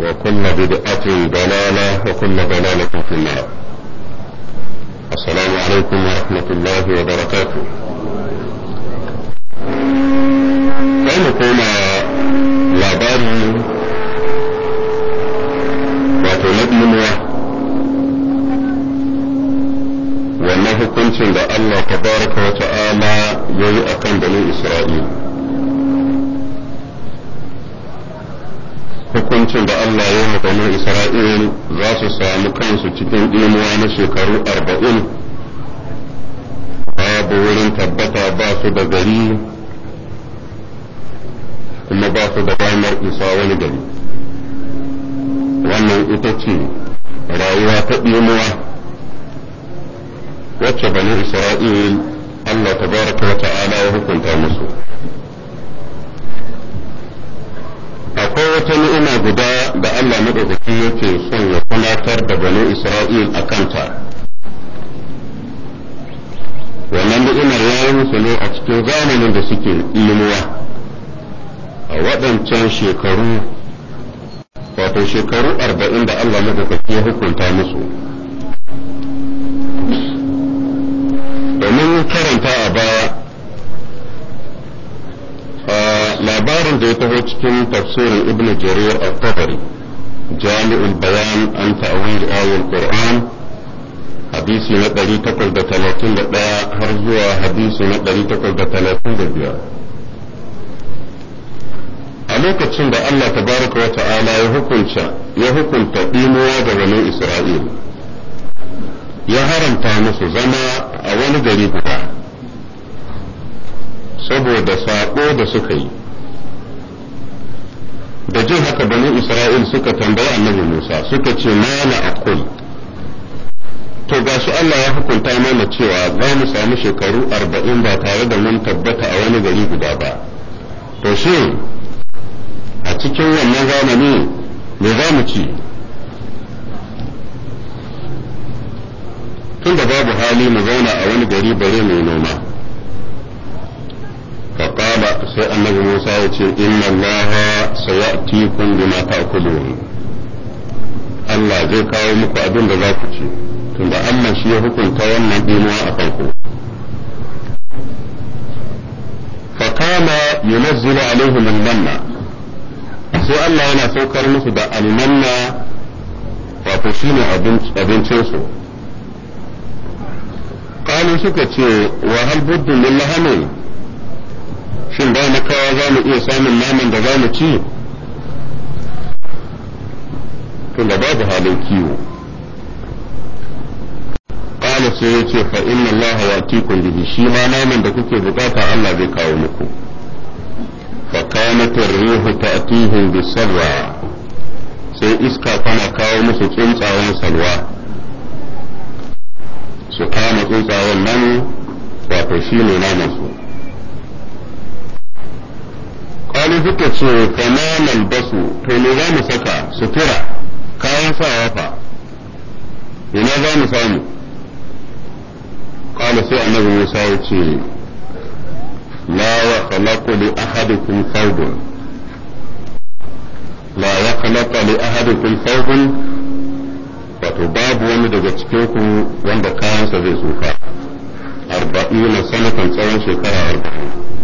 وكل بدعة ضلالة وكل ضلالة في النار السلام عليكم ورحمة الله وبركاته فانكم لبن وتلبن وانه كنت لأن الله تبارك وتعالى يوئكم بني إسرائيل hukuncin da Allah ya yi banu Isra'il za su samu kansu cikin imuwa na shekaru arba'in babu wurin tabbata ba su da gari kuma ba su da damar isa wani gari wannan ita ce rayuwa ta imuwa wacce banu Isra'il Allah tabaraka wa ta'ala ya hukunta musu akwai wata ni'ima guda da Allah maɗaukaki yake son ya tunatar da bani Isra'il a kanta. Wannan ni'imar ya yi musu ne a cikin zamanin da suke limuwa a waɗancan shekaru, wato shekaru arba'in da Allah maɗaukaki ya hukunta musu. Domin karanta a baya labarin da ya taho cikin tafsirin ibn jarir al-tabari jami'ul bayan an ta'awil ayatul qur'an hadisi na 831 har zuwa hadisi na 835 a lokacin da Allah tabaraka wa ta'ala ya hukunta ya hukunta dimuwa da wani Isra'il ya haramta musu zama a wani gari guda saboda saƙo da suka yi da jin haka bani isra'il suka tambayi annabi musa suka ce mana akul to ga shi allah ya hukunta mana cewa za mu samu shekaru arba'in ba tare da mun tabbata a wani gari guda ba to shi. a cikin wannan zamani me za mu ci tunda babu hali mu zauna a wani gari bare mai noma فقال سي النبي موسى إن الله سيأتيكم بما تأكلون الله زي كاو مكو أبين دزاكتي تند أما شي حكم تيمم أفنكم أفنكو فقام ينزل عليهم المنة sai Allah yana saukar musu da almanna wato shi ne abincinsu ƙalu suka ce wa halbuddin lillahamin shin ba kawa za mu iya samun naman da za mu ci da babu halin kiwo kala sai ya ce fa inna allaha yatikum bihi shi ma naman da kuke bukata Allah zai kawo muku fa kanat ar-rihu da bisarra sai iska tana kawo musu tsuntsayen salwa su kama tsuntsayen nan wato shi ne naman su kalu suka ce famanan basu to me za mu saka sutura kayan sawa fa ina za mu samu kala sai annabi musa ya ce la wa khalaqu li ahadikum thawbun la wa li ahadikum wato babu wani daga cikin ku wanda kayansa zai tsufa arba'ina sanatan tsawon shekara arba'in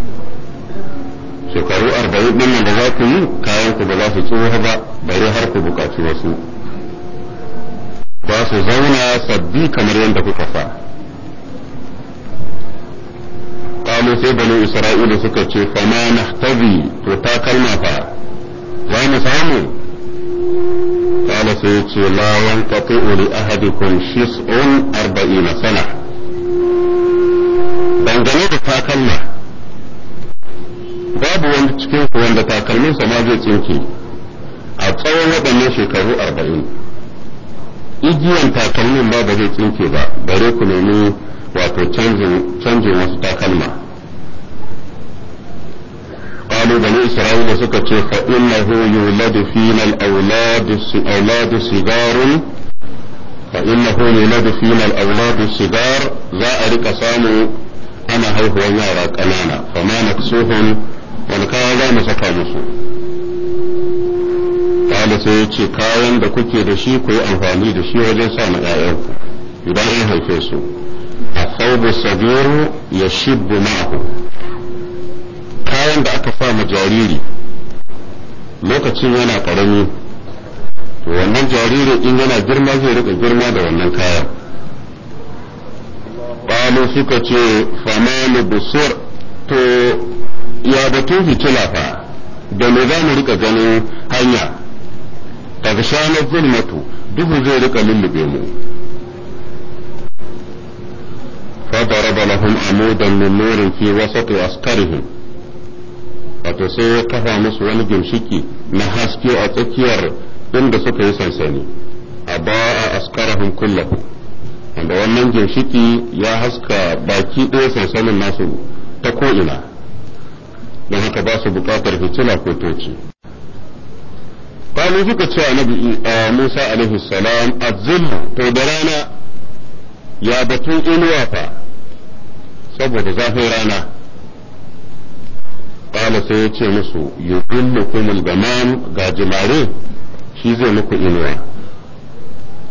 shekaru arba'in din nan da za ku yi kayan ku ba za su tsoho ba bare har ku bukaci wasu ba su zauna sabbi kamar yadda kuka fa kalu sai banu isra'ila suka ce fa na nahtabi to ta kalma fa za mu samu kala sai ce ahadi yanqatu li ahadikum shis'un arba'ina sana dangane da takalma babu wani cikin ku wanda takalminsa ma zai tsinke a tsawon waɗannan shekaru arba'in igiyan takalmin ba ba zai tsinke ba bare ku nemi wato canjin wasu takalma قالوا بني إسرائيل سكت فإنه يولد فينا الأولاد أولاد صغار فإنه يولد فينا الأولاد صغار ذا أرك سامو أنا هو يارا كنانا فما نكسوهم wani kaya za mu saka musu ƙala sai ya ce kayan da kuke da shi ku yi amfani da shi wajen sa ma ku. idan an haife su a saubu sabiru ya shibbu ma'ahu kayan da aka sa ma jariri lokacin yana ƙarami to wannan jaririn in yana girma zai rika girma da wannan kayan. ƙalu suka ce famalu busur to ya batun fitila fa da me za mu rika ganin hanya tagshanar zulmatu duhu zai rika lullube mu فضرب لهم عمودا من نور في وسط أسكرهم wato sai ya kafa musu wani ginshiki na haske a tsakiyar inda suka yi sansani a ba a kullahu wanda wannan ginshiki ya haska baki ɗaya sansanin nasu ta ko'ina don haka ba su buƙatar fitila ko toci cewa suka ce annabi Musa alaihi salam azzillu to da rana ya batun inuwa fa saboda zafin rana qala sai ya ce musu yudillukum al-gamam ga jimare shi zai muku inuwa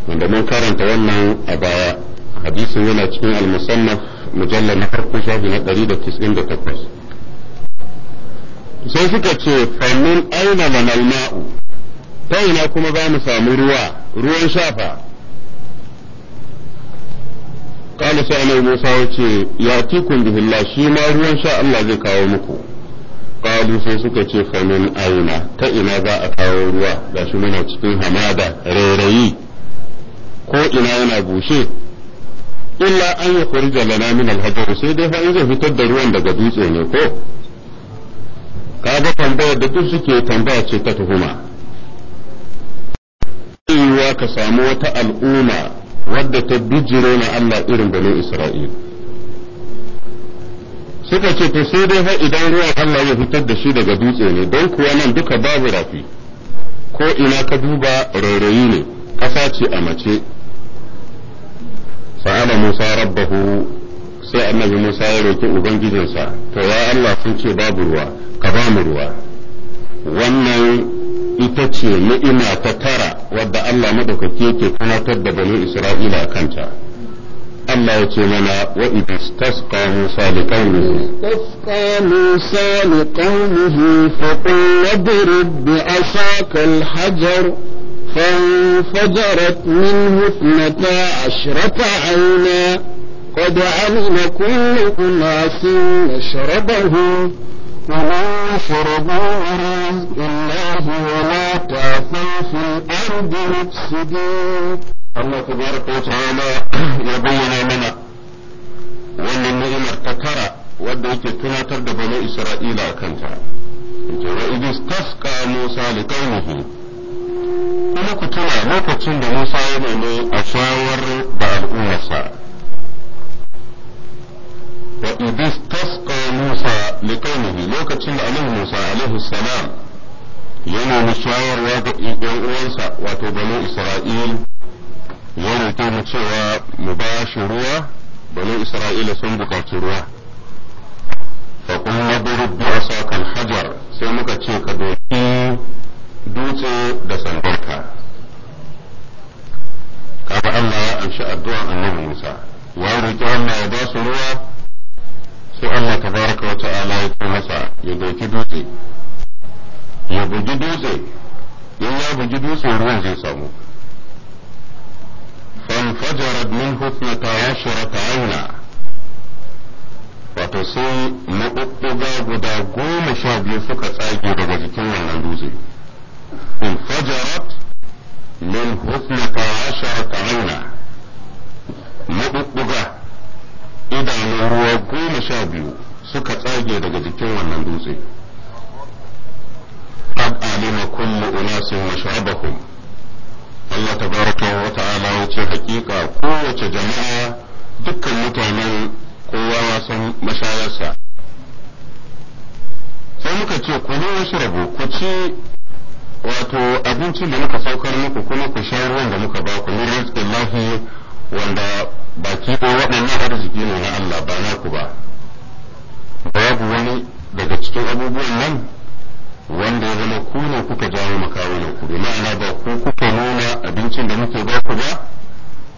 wanda mun karanta wannan a baya hadisin yana cikin al-musannaf na farko shafi na 198 sai suka ce fannin aina manal ma'u ta ina kuma za mu samu ruwa ruwan shafa kala sai annabi Musa ya ce ya tikun bihillah shi ma ruwan sha Allah zai kawo muku kalu sai suka ce famin aina ta ina za a kawo ruwa gashi muna cikin hamada rairayi ko ina yana bushe illa an yi kurja lana min alhajar sai dai fa in zai fitar da ruwan daga dutse ne ko kaga tambayar da duk suke tambaya ce ta tuhuma yiwuwa ka samu wata al'umma wadda ta bijiro na Allah irin bani Isra'il suka ce to sai dai fa idan ruwa Allah ya fitar da shi daga dutse ne don kuwa nan duka babu rafi ko ina ka duba rairayi ne Kasa ce a mace sa'ala Musa rabbahu sai annabi Musa ya roki ubangijinsa to ya Allah sun ce babu ruwa ramurwa wannan ita ce ni'ima ta tara wadda Allah madaukake yake kanatar da bani Isra'ila kanta Allah ya ce mana wa idan tasqa Musa li qaumihi tasqa Musa li qaumihi fa qul bi asaka al-hajar فانفجرت منه اثنتا عشرة عينا قد علم كل أناس مشربهم كلوا واشربوا من الله ولا تعثوا في الأرض مفسدين الله تبارك وتعالى يبين منا wannan ni'imar ta tara wadda yake tunatar da bani Isra'ila a kanta. Wa idis tasqa Musa li qaumihi kuma ku lokacin da Musa ya nemi a shawar da al'ummarsa wa idis tasqa Musa liqaumihi lokacin da Annabi Musa alaihi salam yana shayarwa ga 'yan uwansa wato Balo Isra'il ya ta mu cewa mu ba shi ruwa banu Isra'ila sun buƙaci ruwa fa qulna durib bi asaka hajar sai muka ce ka doki dutse da sandarka kaga Allah ya amshi addu'an Annabi Musa ya roki Allah ya ba su ruwa sai Allah baraka wa ta'ala ya ce masa ya doki dutse ya bugi dutse in ya bugi dutse ruwan zai samu fajarat فانفجرت منه اثنتا عشرة عينا wato sai maɓuɓɓuga guda goma sha biyu suka tsage daga jikin wannan dutse in fajarat min husnata asharata aina maɓuɓɓuga idanun ruwa goma sha biyu suka tsage daga jikin wannan dutse qad alima kullu unasin mashabahum Allah tabaraka wa ta'ala ce hakika kowace jama'a dukkan mutanen kowa ya san mashayarsa sai muka ce ku ne washrabu ku ci wato abincin da muka saukar muku kuma ku sha ruwan da muka ba ku min rizqillahi wanda baki ɗaya waɗannan arziki ne na Allah ba naku ba babu wani daga cikin abubuwan nan wanda ya zama ku ne kuka jawo makawunan ku ma'ana ba ku kuka nuna abincin da muke ba ku ba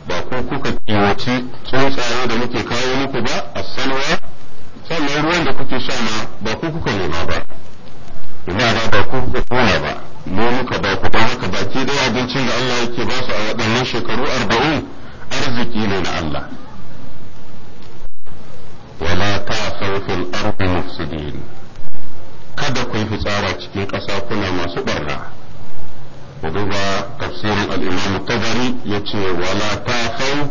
ba ku kuka kiwaci tsuntsaye da muke kawo muku ba a sanwa sannan ruwan da kuke sha ma ba ku kuka nema ba ma'ana ba ku kuka tona ba mu muka ba ku ba haka baki da abincin da Allah yake ba su a waɗannan shekaru arba'in arziki ne na Allah wala ta fil ardi mufsidin kada ku yi fitsara cikin ƙasa kuna masu ɓarra. ku duba tafsirin al-Imam ya ce wala ta'saw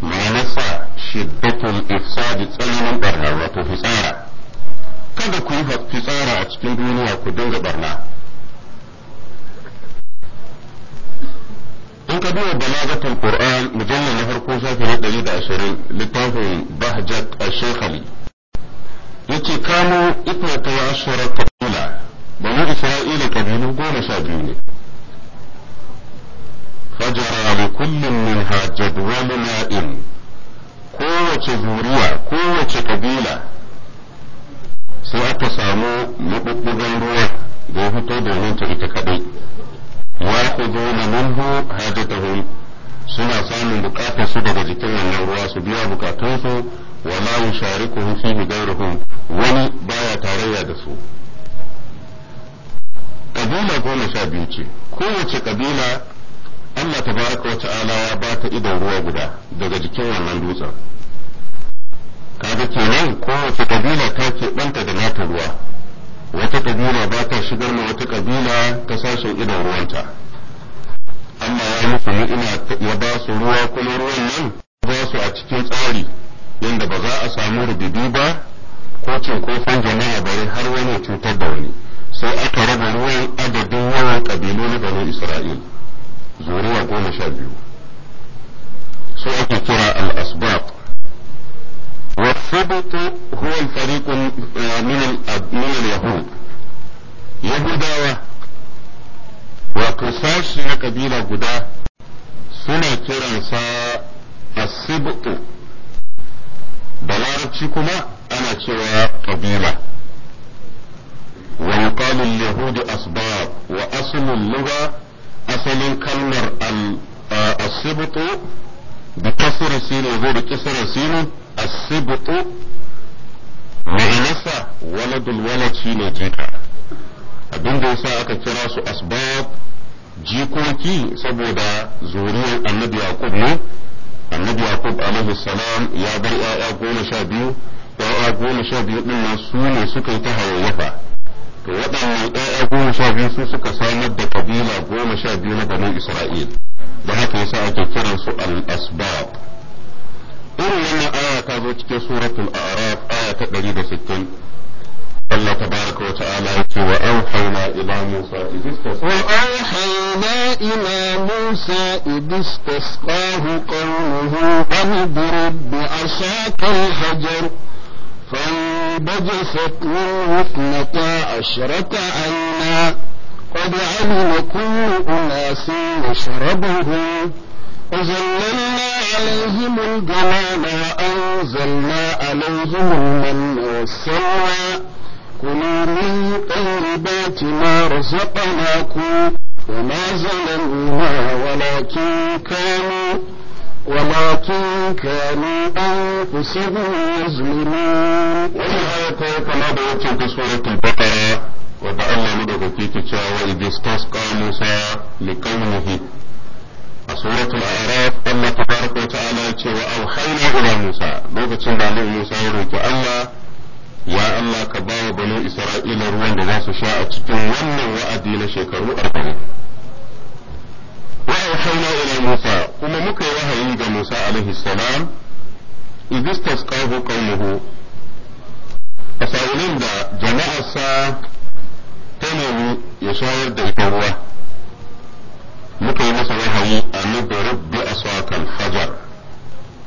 manasa shiddatul ifsadi tsananin barna wato fitsara kada ku yi fitsara a cikin duniya ku dinga ɓarna. in ka duba balagatul qur'an mujallal na farko shafi na ashirin littafin bahjat ash ya yace kamo ifnata wa kabila ba banu isra'ila kabilu goma sha biyu ne fajara li kullin minha jadwalun na'im kowace zuriya kowace kabila sai aka samu mabubbugan ruwa da ya fito domin ta ita kadai yaquduna minhu hajatahum suna samun buƙatar su daga jikin wannan ruwa su biya su wa la yusharikuhum fihi ghayruhum wani baya tarayya da su kabila goma sha biyu ce kowace kabila Allah tabaraka wa ta'ala ya ba ta idon ruwa guda daga jikin wannan dutsen kaga kenan kowace kabila ta ke da nata ruwa wata kabila ba ta shigar ma wata kabila ta sashen idan ruwanta amma ya musu ni'ima ya ba su ruwa kuma ruwan nan ba su a cikin tsari yadda ba za a samu rububi ba ko cinkofin jama'a bare har wani cutar da wani sai aka raba ruwan adadin yawan kabilu na banu isra'il zuriya goma sha biyu su ake kira al-asbab والسبط هو الفريق من من اليهود يهوداوة وتساشي قبيلة قدا سنة كرنسا السبط بلارتشي كما أنا كوا قبيلة ويقال اليهود أسباط وأصل اللغة أصل كلمة السبط بكسر السين وغير كسر السين asibutu ma'anarsa waladul walad shine jika abin da yasa aka kira su asbab jikoki saboda zuriyar annabi yaqub ne annabi yaqub alaihi salam ya bar ya'ya goma sha biyu ya'ya goma sha biyu din nan su ne suka yi ta hayayyafa to waɗannan ya'ya goma sha biyu su suka samar da kabila goma sha biyu na banu isra'il da haka yasa ake su al-asbab irin wannan sabo cikin suratul a'raf aya ta 160 Allah tabaraka wa ta'ala yake wa auhayna ila Musa idistasqa wa auhayna ila Musa idistasqahu qawluhu an idrib bi asaka al-hajar فانبجست منه اثنتا عشرة عينا قد علم كل أناس يشربهم وظللنا عليهم الجمال وأنزلنا عليهم المن والسلوى كلوا من طيبات ما رزقناكم وما ظلمونا ولكن كانوا ولكن كانوا أنفسهم يظلمون وما يقول كما بيتي في سورة البقرة وبأن مدعو فيك تشاوى إذ استسقى موسى لقومه a suratul araf Allah ta ta'ala ya ce wa auhayna ila Musa lokacin da Annabi Musa ya roki Allah ya Allah ka ba wa Isra'ila ruwan da za su sha a cikin wannan wa'adi na shekaru arba'in. wa auhayna ila Musa kuma muka yi wahayi ga Musa alaihi salam idistasqahu qaumuhu a sa'ilin da jama'arsa ta nemi ya shayar da ita ruwa muka yi masa wahayi a nubarab bi asakal hajar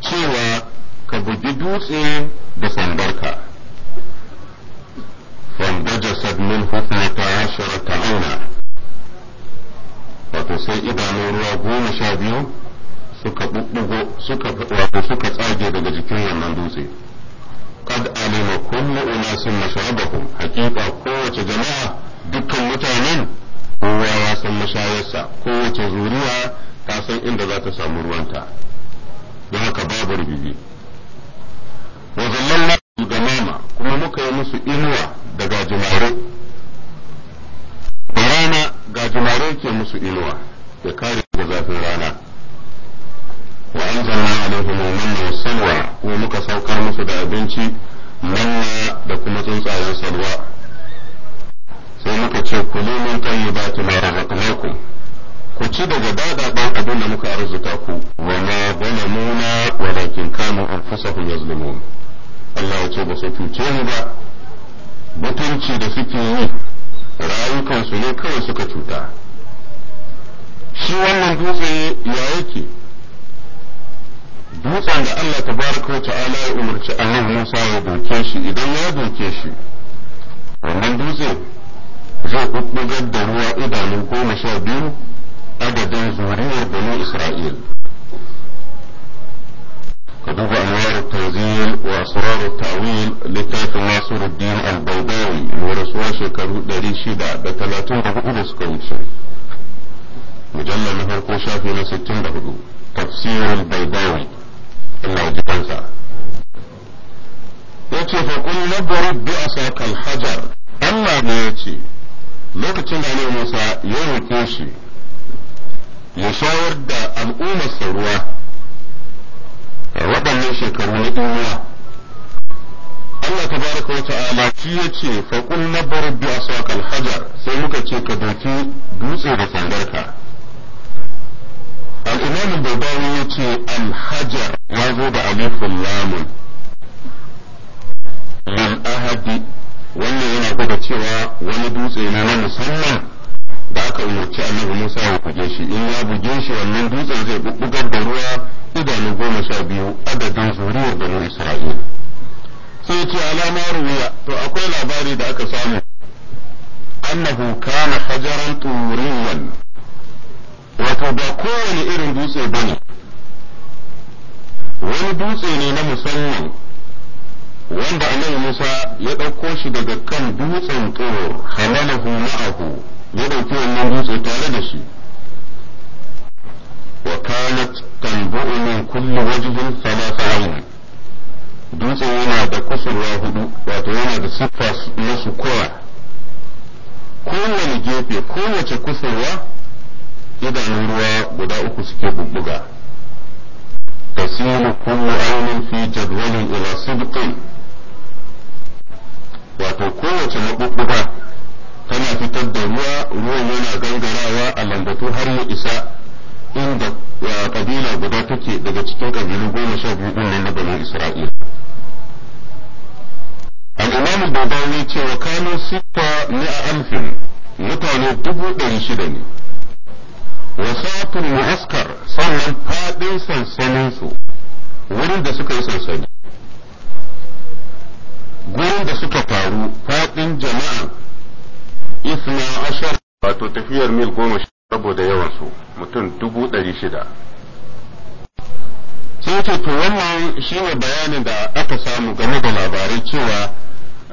cewa ka bugi dutse da sandarka hukumar ta اثنتا ta auna wato sai idanun ruwa goma sha biyu suka bubbugo wato suka tsage daga jikin wannan dutse qad alima kullu unasin mashrabahum haqiqa kowace jama'a dukkan mutanen kowa ya san mashayarsa kowace zuriya ta san inda za ta samu ruwanta don haka babu rigigi wa zallan nama kuma muka yi musu inuwa da gajimare da rana gajimare ke musu inuwa ya kare da zafin rana wa an zanna alaihim manna wasalwa kuma muka saukar musu da abinci manna da kuma tsuntsayen salwa sai muka ce ku kulu min tayyibati ma razaqnakum ku ci daga dadaban abin da muka arzuta ku wa ma zalamuna walakin kanu anfusahum yazlimun Allah ya ce ba su cuce mu ba mutunci da suke yi su ne kawai suka cuta shi wannan dutse ya yake dutsen da Allah ta tabaraka wa ta'ala ya umarci Allah Musa ya doke shi idan ya doke shi wannan dutse zai ɓuɓɓugar da ruwa idanun goma sha biyu adadin zuriyar bani isra'il ka duba anwar tanzil wa asrar tawil littafin nasiruddin al-baidawi wa rasuwa shekaru 634 da da suka wuce mujallar na farko shafi na 64 tafsirin baidawi Allah ya ji kansa yace fa qul nadrib bi asaka al-hajar Allah ne yace lokacin da ne Musa ya roƙe shi ya shawar da al'ummarsa ruwa a waɗannan shekaru na inuwa Allah ta baraka wa ta'ala shi ya ce faƙul na bar biya saƙal hajar sai muka ce ka doki dutse da sandarka al'imamin babawi ya ce alhajar ya zo da alifin lamun lil ahadi wannan yana gwada cewa wani dutse na na musamman da aka umarci annabi Musa ya buge shi in ya buge shi wannan dutsen zai bubbugar da ruwa idanu goma sha biyu adadin zuriyar mun Isra'ila sai ce alama ruwa to akwai labari da aka samu annahu kana hajaran turiyan wato ba kowane irin dutse bane wani dutse ne na musamman wanda annabi Musa ya ɗauko shi daga kan dutsen tsoro hamalahu ma'ahu ya ɗauki wannan dutse tare da shi wa kanat tanbu'u min kulli wajhin thalatha ayn dutse yana da kusurwa hudu wato yana da siffa na sukura kowane gefe kowace kusurwa idanun ruwa guda uku suke bubbuga tasiru kullu aynin fi jadwalin ila sidqin wato kowace maɓuɓɓuga tana fitar da ruwa ruwan yana gangarawa a lambatu har ya isa inda kabila guda take daga cikin kabilu goma sha biyu ɗin nan na banu isra'ila al'imamu babawi cewa kano sita ne a alfin mutane dubu ɗari shida ne wasatun mu'askar sannan faɗin sansaninsu wurin da suka yi sansani gurin da suka faru faɗin jama'a isma ashar wato tafiyar mil goma saboda yawansu mutum dubu ɗari shida sai ce to wannan shine bayanin da aka samu game da labarai cewa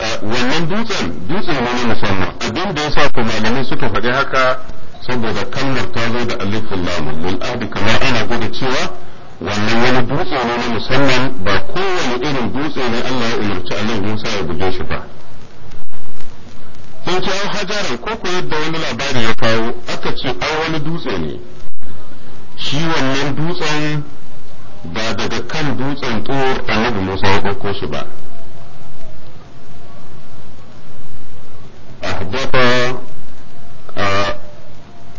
eh, wannan dutsen dutsen wani musamman abin da ya sa ku malamai suka faɗi haka saboda kalmar ta zo da alifin lamun mul'adi kamar ana gwada cewa wannan wani dutse ne na musamman ba kowane irin dutse ne Allah ya umarci Allah Musa ya buge shi ba sun an hajaran ko ko yadda wani labari ya kawo aka ce an wani dutse ne shi wannan dutsen ba daga kan dutsen tsohon annabi Musa ya ɗauko shi ba a.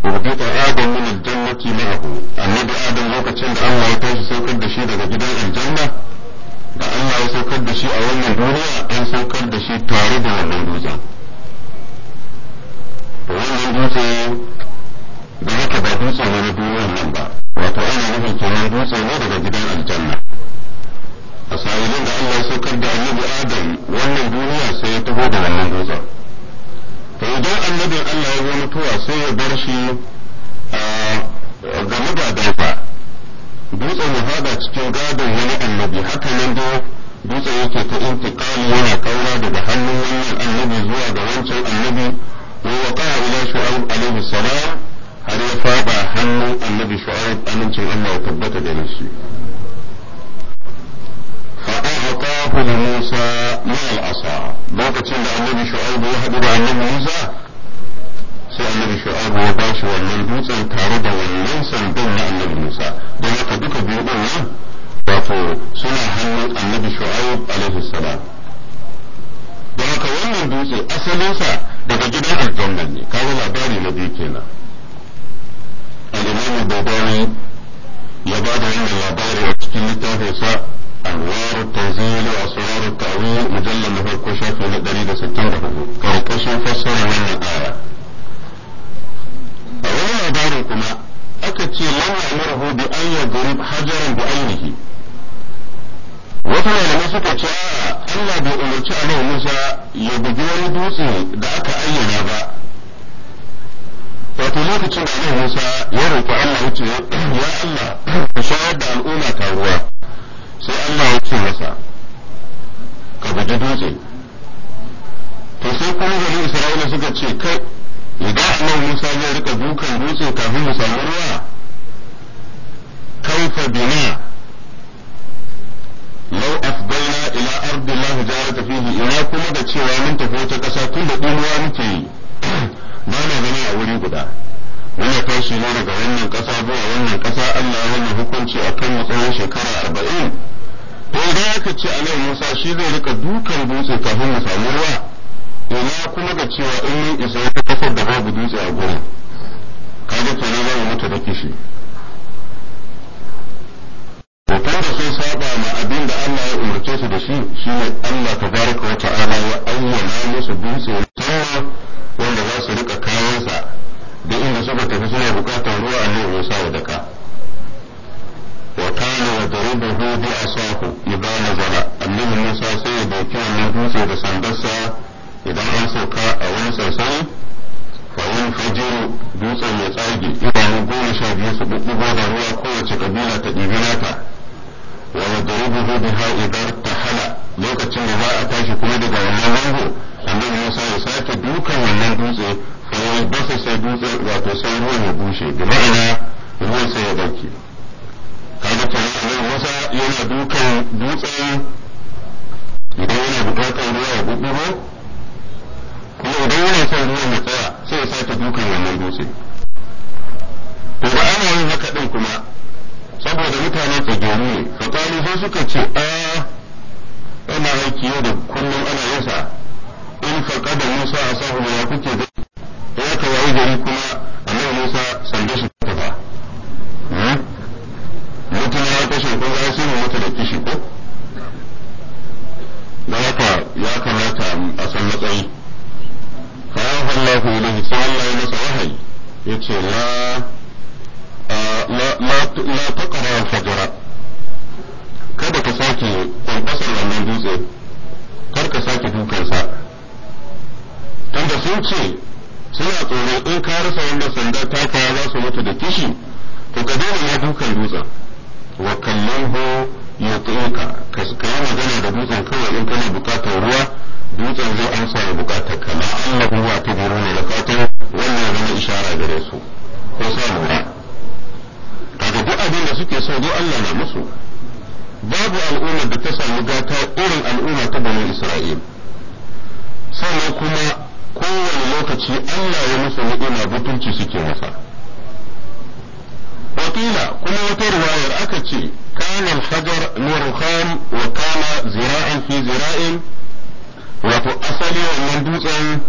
وبقيت آدم من الجنة معه النبي آدم لوكتين da Allah ya tashi saukar da shi daga gidan aljanna da Allah ya saukar da shi a wannan duniya an saukar da shi tare da wannan dutsen wannan dutse da haka ba dutse ne na duniyar nan ba wato ana nufin kenan dutse ne daga gidan aljanna a sa'ilin da Allah ya sauka da annabi wannan duniya sai ya taho da wannan dutsen to idan annabin Allah ya zo mutuwa sai ya bar shi da magadafa dutsen ya fada cikin gadon wani annabi haka nan da dutsen yake ta intikali yana kaura daga hannun wannan annabi zuwa ga wancan annabi wa waqa ila shu'aib alaihi salam har ya faɗa hannun annabi shu'aib amincin Allah ya tabbata da shi الله لموسى مع lokacin da ده النبي شعيب يهدر عن النبي موسى sai annabi shu'abu ya bashi wannan dutsen tare da wannan sandan na annabi Musa don haka duka biyu din nan wato suna hannu annabi shu'aib alaihi salam don haka wannan dutse asalinsa daga gidan aljannan ne kawo labari na biyu kenan al-imam Bukhari ya ba da wannan labari a cikin littafinsa أنوار التنزيل وأسرار التأويل مجلد na farko shafi na 164 karkashin fassara wannan aya a wani labarin kuma aka ce lan ya'muruhu bi an yadrib hajaran bi ainihi wata malamai suka ce a Allah bai umarci Annabi Musa ya bugi wani dutse da aka ayyana ba wato lokacin da Annabi Musa ya roƙi Allah ya ce ya Allah ka shayar da al'umma ta ruwa sai Allah ya ce masa ka bude dutse to sai kuma gari Isra'ila suka ce kai idan Allah Musa zai rika dukan dutse kafin mu samu ruwa kaifa bina lau afdalna ila ardi Allah ta fihi ina kuma da cewa mun tafi wata kasa tun da dinuwa muke yi ba na gani a wuri guda yana tashi ne daga wannan ƙasa zuwa wannan ƙasa Allah ya yi hukunci a kan matsayin shekara arba'in to idan aka ce alai Musa shi zai rika dukan dutse kafin mu samu ruwa ina kuma ga cewa in mun isa ta kasar da babu dutse a gurin kaga kenan za mu mutu da kishi hoton da sun saba ma abin da Allah ya umarce su da shi shi Allah ta baraka wata ala ya ayyana musu dutse wanda za su rika kayansa da inda suka tafi suna bukatar ruwa annabi Musa ya daka wa kana yadribuhu bi asahu idan nazala annabi Musa sai ya dauki wannan dutse da sandarsa idan an sauka a wani sansani fa in fajiru dutsen ya tsage idanu goma sha biyu su bubbugo da ruwa kowace kabila ta ɗibi nata wa yadribuhu biha idan hala lokacin da za a tashi kuma daga wannan zango annabi Musa ya sake dukan wannan dutse basa sai dutsen wato sai ruwan ya bushe da ma'ana ruwan sai ya dauke kaga kenan wasa yana dukan dutsen idan yana bukatar ruwa ya bubbugo kuma idan yana son ruwan ya tsaya sai ya sake dukan wannan dutse to ba ana yin haka din kuma saboda mutane tsageru ne fakali sai suka ce a ana aiki yau da kullum ana yasa in faƙa da musa a sahu ya kuke Ya ya kawai gari kuma annabi Musa sanda shi ta tafa hmm? mutum ya kashe ko ya sai mata da kishi ko da haka ya kamata a san matsayi fa Allah ilayhi sai Allah ya masa wahayi yace la la la taqra fajra kada ka sake kwankwasar wannan dutse kar ka sake dukansa tunda sun ce suna tsoro in ka rasa wannan sanda taka za su mutu da kishi to ka daina ya dukan dutsen wa ya yuti'uka ka yi magana da dutsen kawai in kana bukatar ruwa dutsen zai amsa da bukatar ka la Allah huwa ne da fatan wannan zama ishara gare su ko sa lura kaga duk abin da suke so duk Allah na musu babu al'ummar da ta samu gata irin al'umma ta bani Isra'il sannan kuma kowane lokaci Allah ya musu ni'ima butunci suke masa wakila kuma wata riwayar aka ce kana al-hajar nurhan wa kana zira'in fi zira'in wato asali wannan dutsen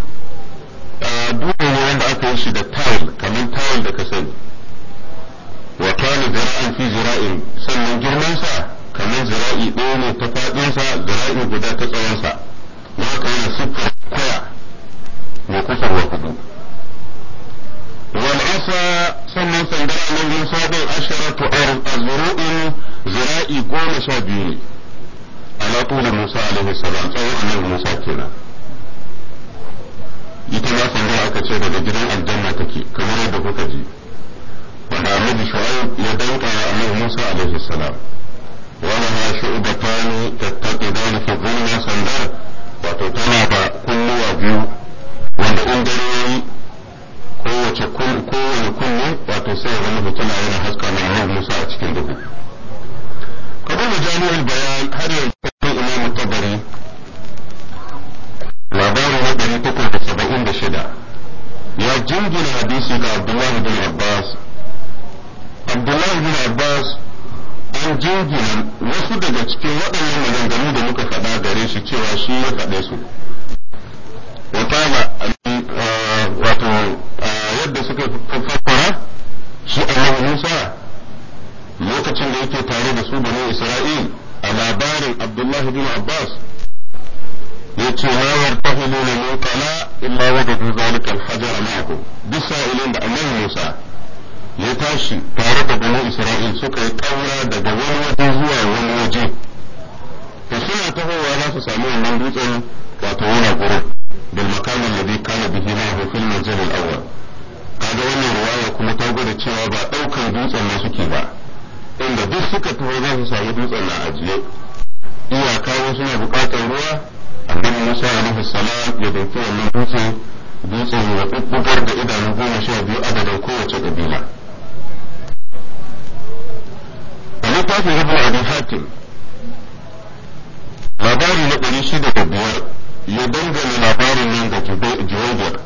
dutse ne wanda aka yi shi da tile kamar tile da ka sani wa kana zira'in fi zira'in sannan girmansa kamar zira'i ɗaya ne ta faɗinsa zira'i guda ta tsawonsa sa. ka siffar kwaya kusur wa hudu wal asa sannan sandar annabi Musa bai asharatu azru'in zira'i goma sha biyu ne ala tuli Musa alaihi salam tsawon annabi Musa kenan ita ma sandar aka ce daga gidan aljanna take kamar yadda kuka ji wanda annabi Shu'aib ya danka annabi Musa alaihi salam ولها شعبتان تتقدان في الظلمة سندان وتتنبأ كل biyu. wanda in ya yi kowace kowane kunne wato sai ya zama hotuna yana haska mai annabi Musa a cikin duhu kamar jami'ar bayan har yanzu kan imamu tabari labarin na ɗari takwas da saba'in da shida ya jingina hadisi ga Abdullahi bin Abbas Abdullahi bin Abbas an jingina wasu daga cikin waɗannan maganganu da muka faɗa gare shi cewa shi ya faɗe su wata taba eh, wato eh, yadda suka fafara shi annabi Musa lokacin da yake tare da su bani Isra'il a labarin Abdullah bin Abbas yace la yartahulu lil muqala illa wajadu zalika al-hajar ma'ahu bisa sa'ilin da annabi Musa ya tashi tare da bani Isra'il suka yi kaura daga wani waje zuwa wani waje to suna tahowa za su sami wannan dutsen wato yana gurin بالمقام الذي كان به معه في المنزل الأول kaga wannan ruwaya kuma ta gwada cewa ba ɗaukar dutsen na suke ba inda duk suka taho za su samu dutsen na ajiye iyaka suna na buƙatar ruwa annabi Musa alaihi salam ya dauki wannan dutsen dutsen ya bubbugar da idanu goma sha biyu adadin kowace ƙabila a littafin ibn abi hatim labari na ɗari shida da biyar ya dangane labarin nan da ga Jehova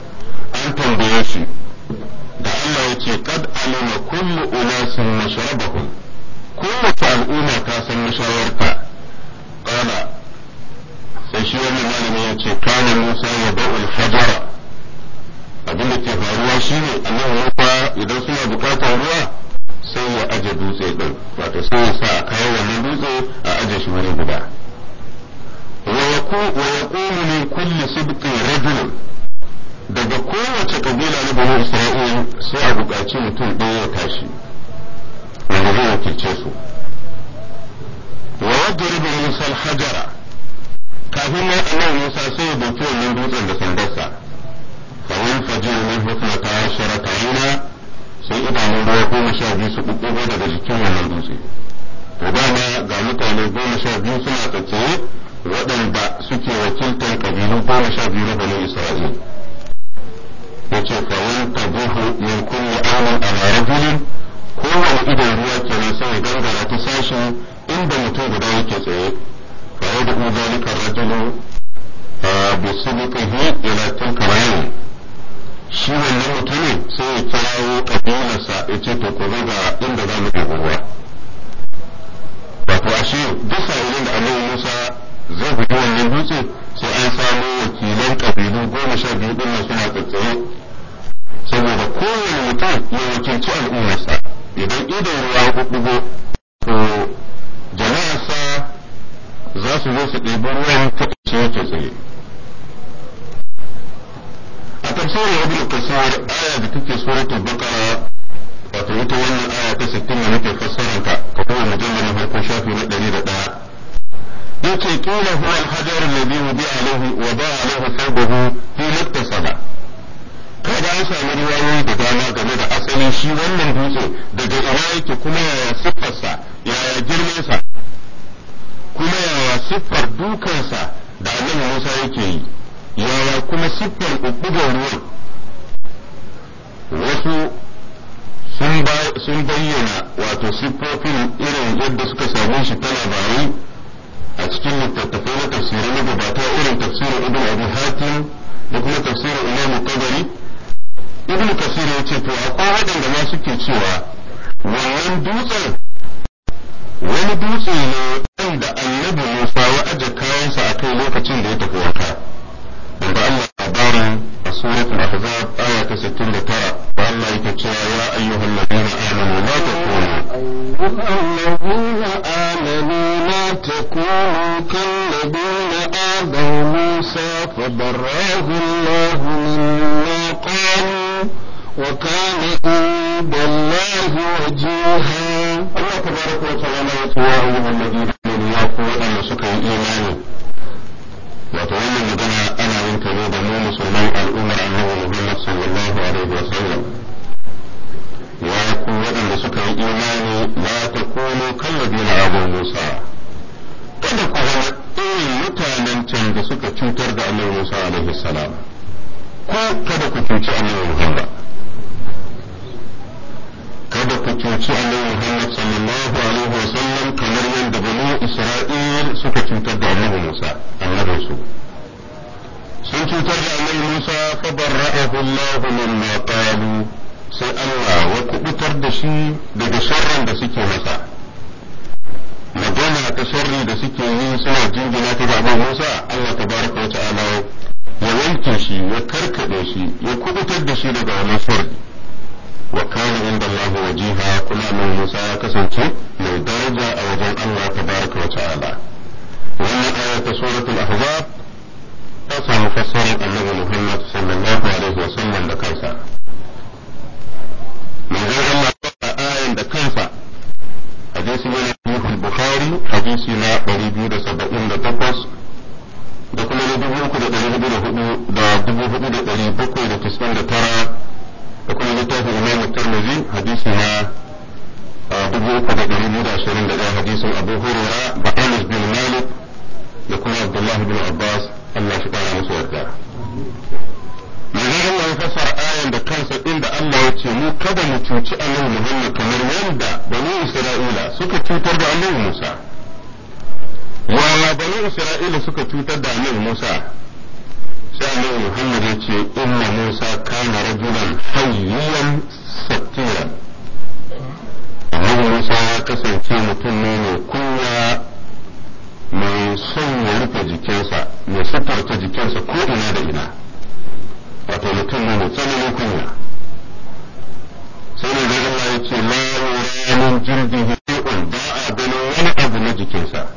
an tambaye shi da Allah ya ce kad alama kullu unasin mashrabahum kowace al'umma ta san mashawarta kana sai shi wannan malami ya ce kana Musa ya da'ul hajara abin da ke faruwa shine annabi Musa idan suna bukatar ruwa sai ya aje dutse din wato sai ya sa a kawo wannan dutse a aje shi wani guda ويقوم من كل سبط رجل daga kowace kabila na bani isra'il sai a buƙaci mutum ɗaya ya tashi wanda zai wakilce su wa yadribu musa hajara kafin nan annabi musa sai ya dauki wannan dutsen da sandarsa fa in fajir min hukmata ashara sai idanun ruwa goma sha biyu su ɓuɓɓugo daga jikin wannan dutse to dama ga mutane goma sha suna tsaye waɗanda suke wakiltar ƙabilu goma sha biyu na bani isra'il ya ce kawai ta buhu min kulli amin a marajulin kowane idan ruwa kenan sai gangara ta sashi inda mutum guda yake tsaye kawai da uzalika rajulu bisulikihi ila tilka shi wannan mutumin sai ya kirawo kabilarsa ya ce to kuma ga inda za mu ruwa wato ashe duk sa'ilin da annabi Musa zai fito wannan dutse sai an samu wakilan kabilu goma sha biyu ɗin suna tattare. saboda kowane mutum ya wakilci al'ummarsa idan idan ruwa ya ɗuɗɗugo to jama'arsa za su zo su ɗebi ruwan kaɗaice yake tsaye a tafsirin ibn kasuwar aya da take suratul bakara wato ita wannan aya ta 60 da nake fassaranta ka kuma mujallal na farko shafi na 101 yace kila huwa al-hajar alladhi wudi alayhi wa ba'a alayhi thawbahu fi muttasala kada an samu riwayoyi da dama game da asali shi wannan dutse daga ina yake kuma yaya siffarsa yaya sa? kuma yaya siffar dukansa da annabi Musa yake yi yaya kuma siffar kubbugar ruwan wasu sun bayyana wato siffofin irin yadda suka same shi tana labarai a cikin littattafai na tafsirai na gabata irin tafsirin ibn abi hatim da kuma tafsirin imam tabari ibn kasir ya ce to akwai waɗanda ma suke cewa wannan dutsen wani dutse ne wanda annabi musa ya aje kayansa a kai lokacin da ya tafi wata inda Allah labarin a suratul ahzab aya ta 69 da Allah yake cewa ya ayyuhal ladina amanu la takunu الذين آمنوا لا تكونوا كالذين آذوا موسى فبرأه الله مما قالوا وكان عند الله وجيها الله تبارك وتعالى يا أيها الذين آمنوا يا قوة أن سكن إيماني وتولى المدنة wajiban ka ne da mu musulman al'ummar annabi Muhammad sallallahu alaihi wa ya ku waɗanda suka yi imani la takunu kalladina abu Musa kada ku zama irin mutanen can da suka cutar da annabi Musa alaihi salam ko kada ku cuci annabi Muhammad kada ku cuci annabi Muhammad sallallahu alaihi wa sallam kamar yadda bani Isra'il suka cutar da annabi Musa annabi su sun cutar da annabi Musa fa barra'ahu Allah mimma qalu sai Allah ya kubutar da shi daga sharrin da suke masa magana ta sharri da suke yi suna jingina ta ga Annabi Musa Allah tabaraka wa ta'ala ya wanke shi ya karkade shi ya kubutar da shi daga wannan sharri wa kana inda Allah wajiha kuma Annabi Musa ya kasance mai daraja a wajen Allah tabaraka wa ta'ala wannan ayatu suratul ahzab نص مفسر النبي محمد صلى الله عليه وسلم da kansa manzon Allah ya ayan da kansa hadisi ne na Bukhari hadisi na 278 da kuma na dubu uku da ɗari hudu da hudu da dubu hudu da ɗari bakwai da tisɗin da tara da kuma littafin imam tarmizi hadisi na dubu uku da ɗari biyu da ashirin da ɗaya hadisin abu hurera da anas bin malik da kuma abdullah bin abbas Allah shi kara musu yarda yanzu ya fassara ayan da kansa inda Allah ya ce mu kada mu cuci Annabi Muhammad kamar wanda bani Isra'ila suka cutar da Annabi Musa yaya bani Isra'ila suka cutar da Annabi Musa sai Annabi Muhammad ya ce inna Musa kana rajulan hayyan sattiyan. Annabi Musa ya kasance mutum ne mai kunya mai son ya rufe jikinsa mai suturta jikinsa ko ina da ina wato mutum ne mai tsananin kunya sai ne da Allah ya ce la jirgin shi'un ba a ganin wani abu na jikinsa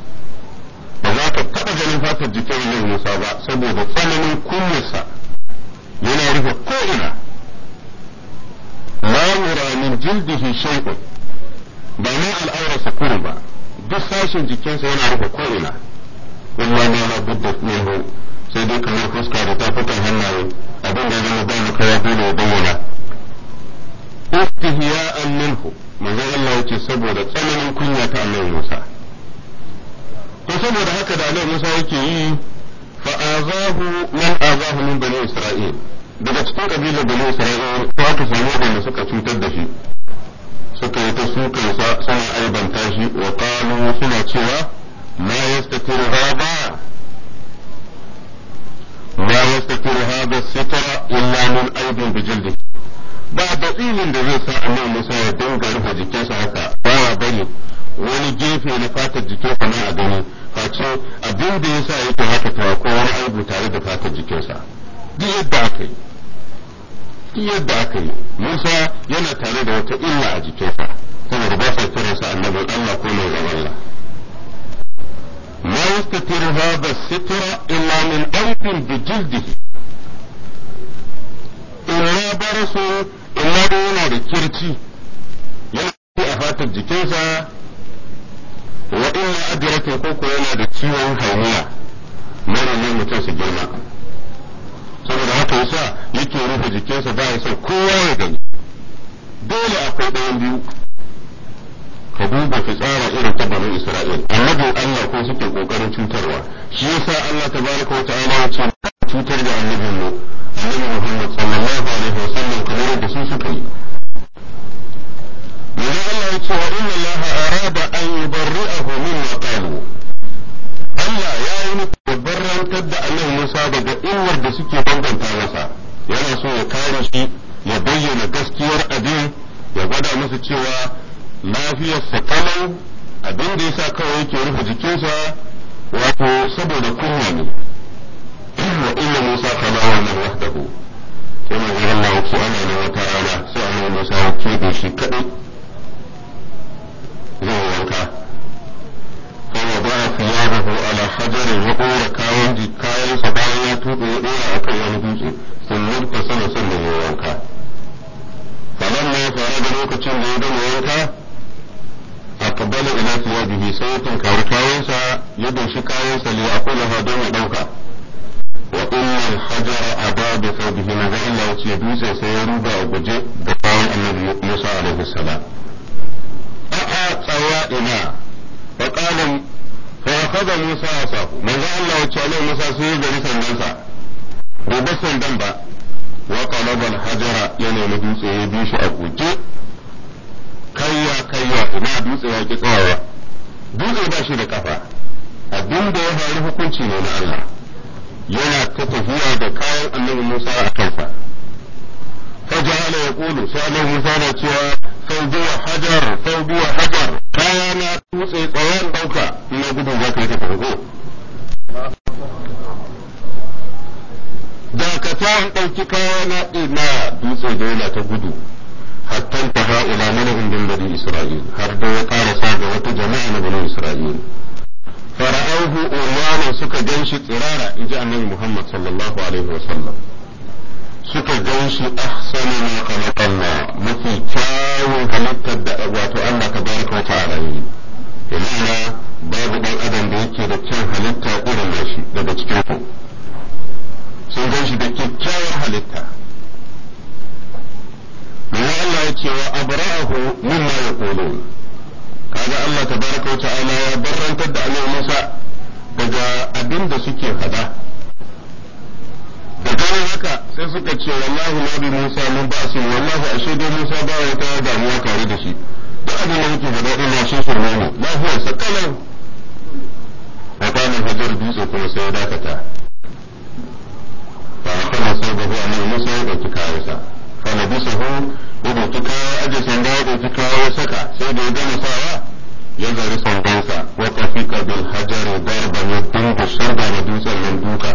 ba za ka taɓa ganin fatar jikin yin Musa ba saboda tsananin kunyarsa yana rufe ko ina la jirgin shi'un ba ne al'aurarsa kurin ba duk sashen jikinsa yana rufe ko'ina In ne na da minhu sai dai kamar fuska da tafukan hannaye abin da zama ba mu kawo dole ya bayyana istihya'an minhu manzo Allah yace saboda tsananin kunya ta Annabi Musa to saboda haka da Annabi Musa yake yi fa azahu man azahu min bani Isra'il daga cikin kabilar bani Isra'il ta ta samu da suka cutar da shi suka yi ta yi suna aibanta shi wa kalu suna cewa ma yastatiru ba ma yastatiru hada sitara illa min aibin bijildi ba dalilin da zai sa annabi Musa ya dinga rufe jikinsa haka ba bane wani gefe na fatar jikinsa na a gani face abin da yasa yake haka ta ko wani aibu tare da fatar jikinsa duk yadda aka yi duk yadda aka yi Musa yana tare da wata illa a jikinsa saboda ba sa kiransa annabin Allah ko mai ga Allah ma yastatiru hadha sitra illa min awfin bi jildihi illa barasu illa da yana da kirci yana a fatar jikinsa wa illa ajratin yana da ciwon haimiya mara nan mutum su girma saboda haka yasa yake rufe jikinsa ba ya son kowa ya gani dole akwai ɗayan biyu ka duba tsara irin ta bani Isra'il annabi Allah ko suke kokarin cutarwa shi yasa Allah ta wa ta'ala ya ce cutar da annabin mu annabi Muhammad sallallahu alaihi wasallam kamar da su suka yi yanzu Allah ya ce wa inna Allah arada an yubarri'ahu mimma qalu Allah ya yi muku babban rantar da annabi Musa daga inuwar da suke banganta masa yana so ya kare shi ya bayyana gaskiyar abin ya gwada musu cewa sa kalau abin da yasa kawai yake rufe jikinsa wato saboda kunya ne wa inna Musa kana wa man wahdahu sai manzon Allah ya ce ana ne wata rana sai annabi Musa ya kebe shi kadai zai wanka izarahu ala hajarin ya ɗora kayan kayansa bayan ya tuɓe ya ɗora a kan wani dutse sun murka sama sannan ya wanka falan ne da lokacin da ya gama wanka aqbala ya thiyabihi sai ya tunkari kayansa ya doshi kayansa li aqulaha don ya ɗauka wa inna al-hajara abada thawbihi na ga Allah ya dutse sai ya ruga a guje da kayan annabi Musa alaihi salam a'a tsawa ina فقال wa akhadha Musa asahu manzo Allah ya ce Allah Musa sai ya gari sandansa bai bar sandan ba wa talaba al-hajara ya nemi dutse ya bi shi a guje kayya kayya ina dutse ya ki tsawa dutse ba shi da kafa abin da ya faru hukunci ne na Allah yana ta tafiya da kayan annabi Musa a kansa فجعل يقول سأله موسى cewa saubi wa hajar saubi wa hajar kaya na tutse tsawon ɗauka ina gudu za ka yi tafi da ka ta an ɗauki kaya na ina dutse da ta gudu hatta ta ha ila mana indin bani isra'il har da ya karasa ga wata jama'a na bari isra'il fara'auhu ulwana suka gan shi tsirara in ji annabi muhammad sallallahu alaihi wasallam suka gan shi ahsanu ma khalaqanna mafi kyawun halittar da wato Allah baraka wa ta'ala yi yana babu dan adam da yake da kyan halitta irin shi daga cikin ku sun gan shi da kyakkyawar halitta mai Allah ya ce wa abra'ahu mimma yaqulun kaga Allah ta tabaraka wa ta'ala ya barantar da Annabi Musa daga abinda suke hada sai suka ce wallahi na bi Musa mun ba su wallahi ashe dai Musa ba ya ta damuwa tare da shi duk abin da yake gaba ɗaya shi su nuna lafiyar sa kalau a kwanan hajar dutse kuma sai ya dakata ba a kama sai gaba a nan Musa ya ɗauki kayansa kana bisa hu ya ɗauki kaya aje sanda ya ɗauki kaya ya saka sai da ya gama sawa ya zari sandansa wa tafika bil hajar darban ya dinga sharba da dutsen nan duka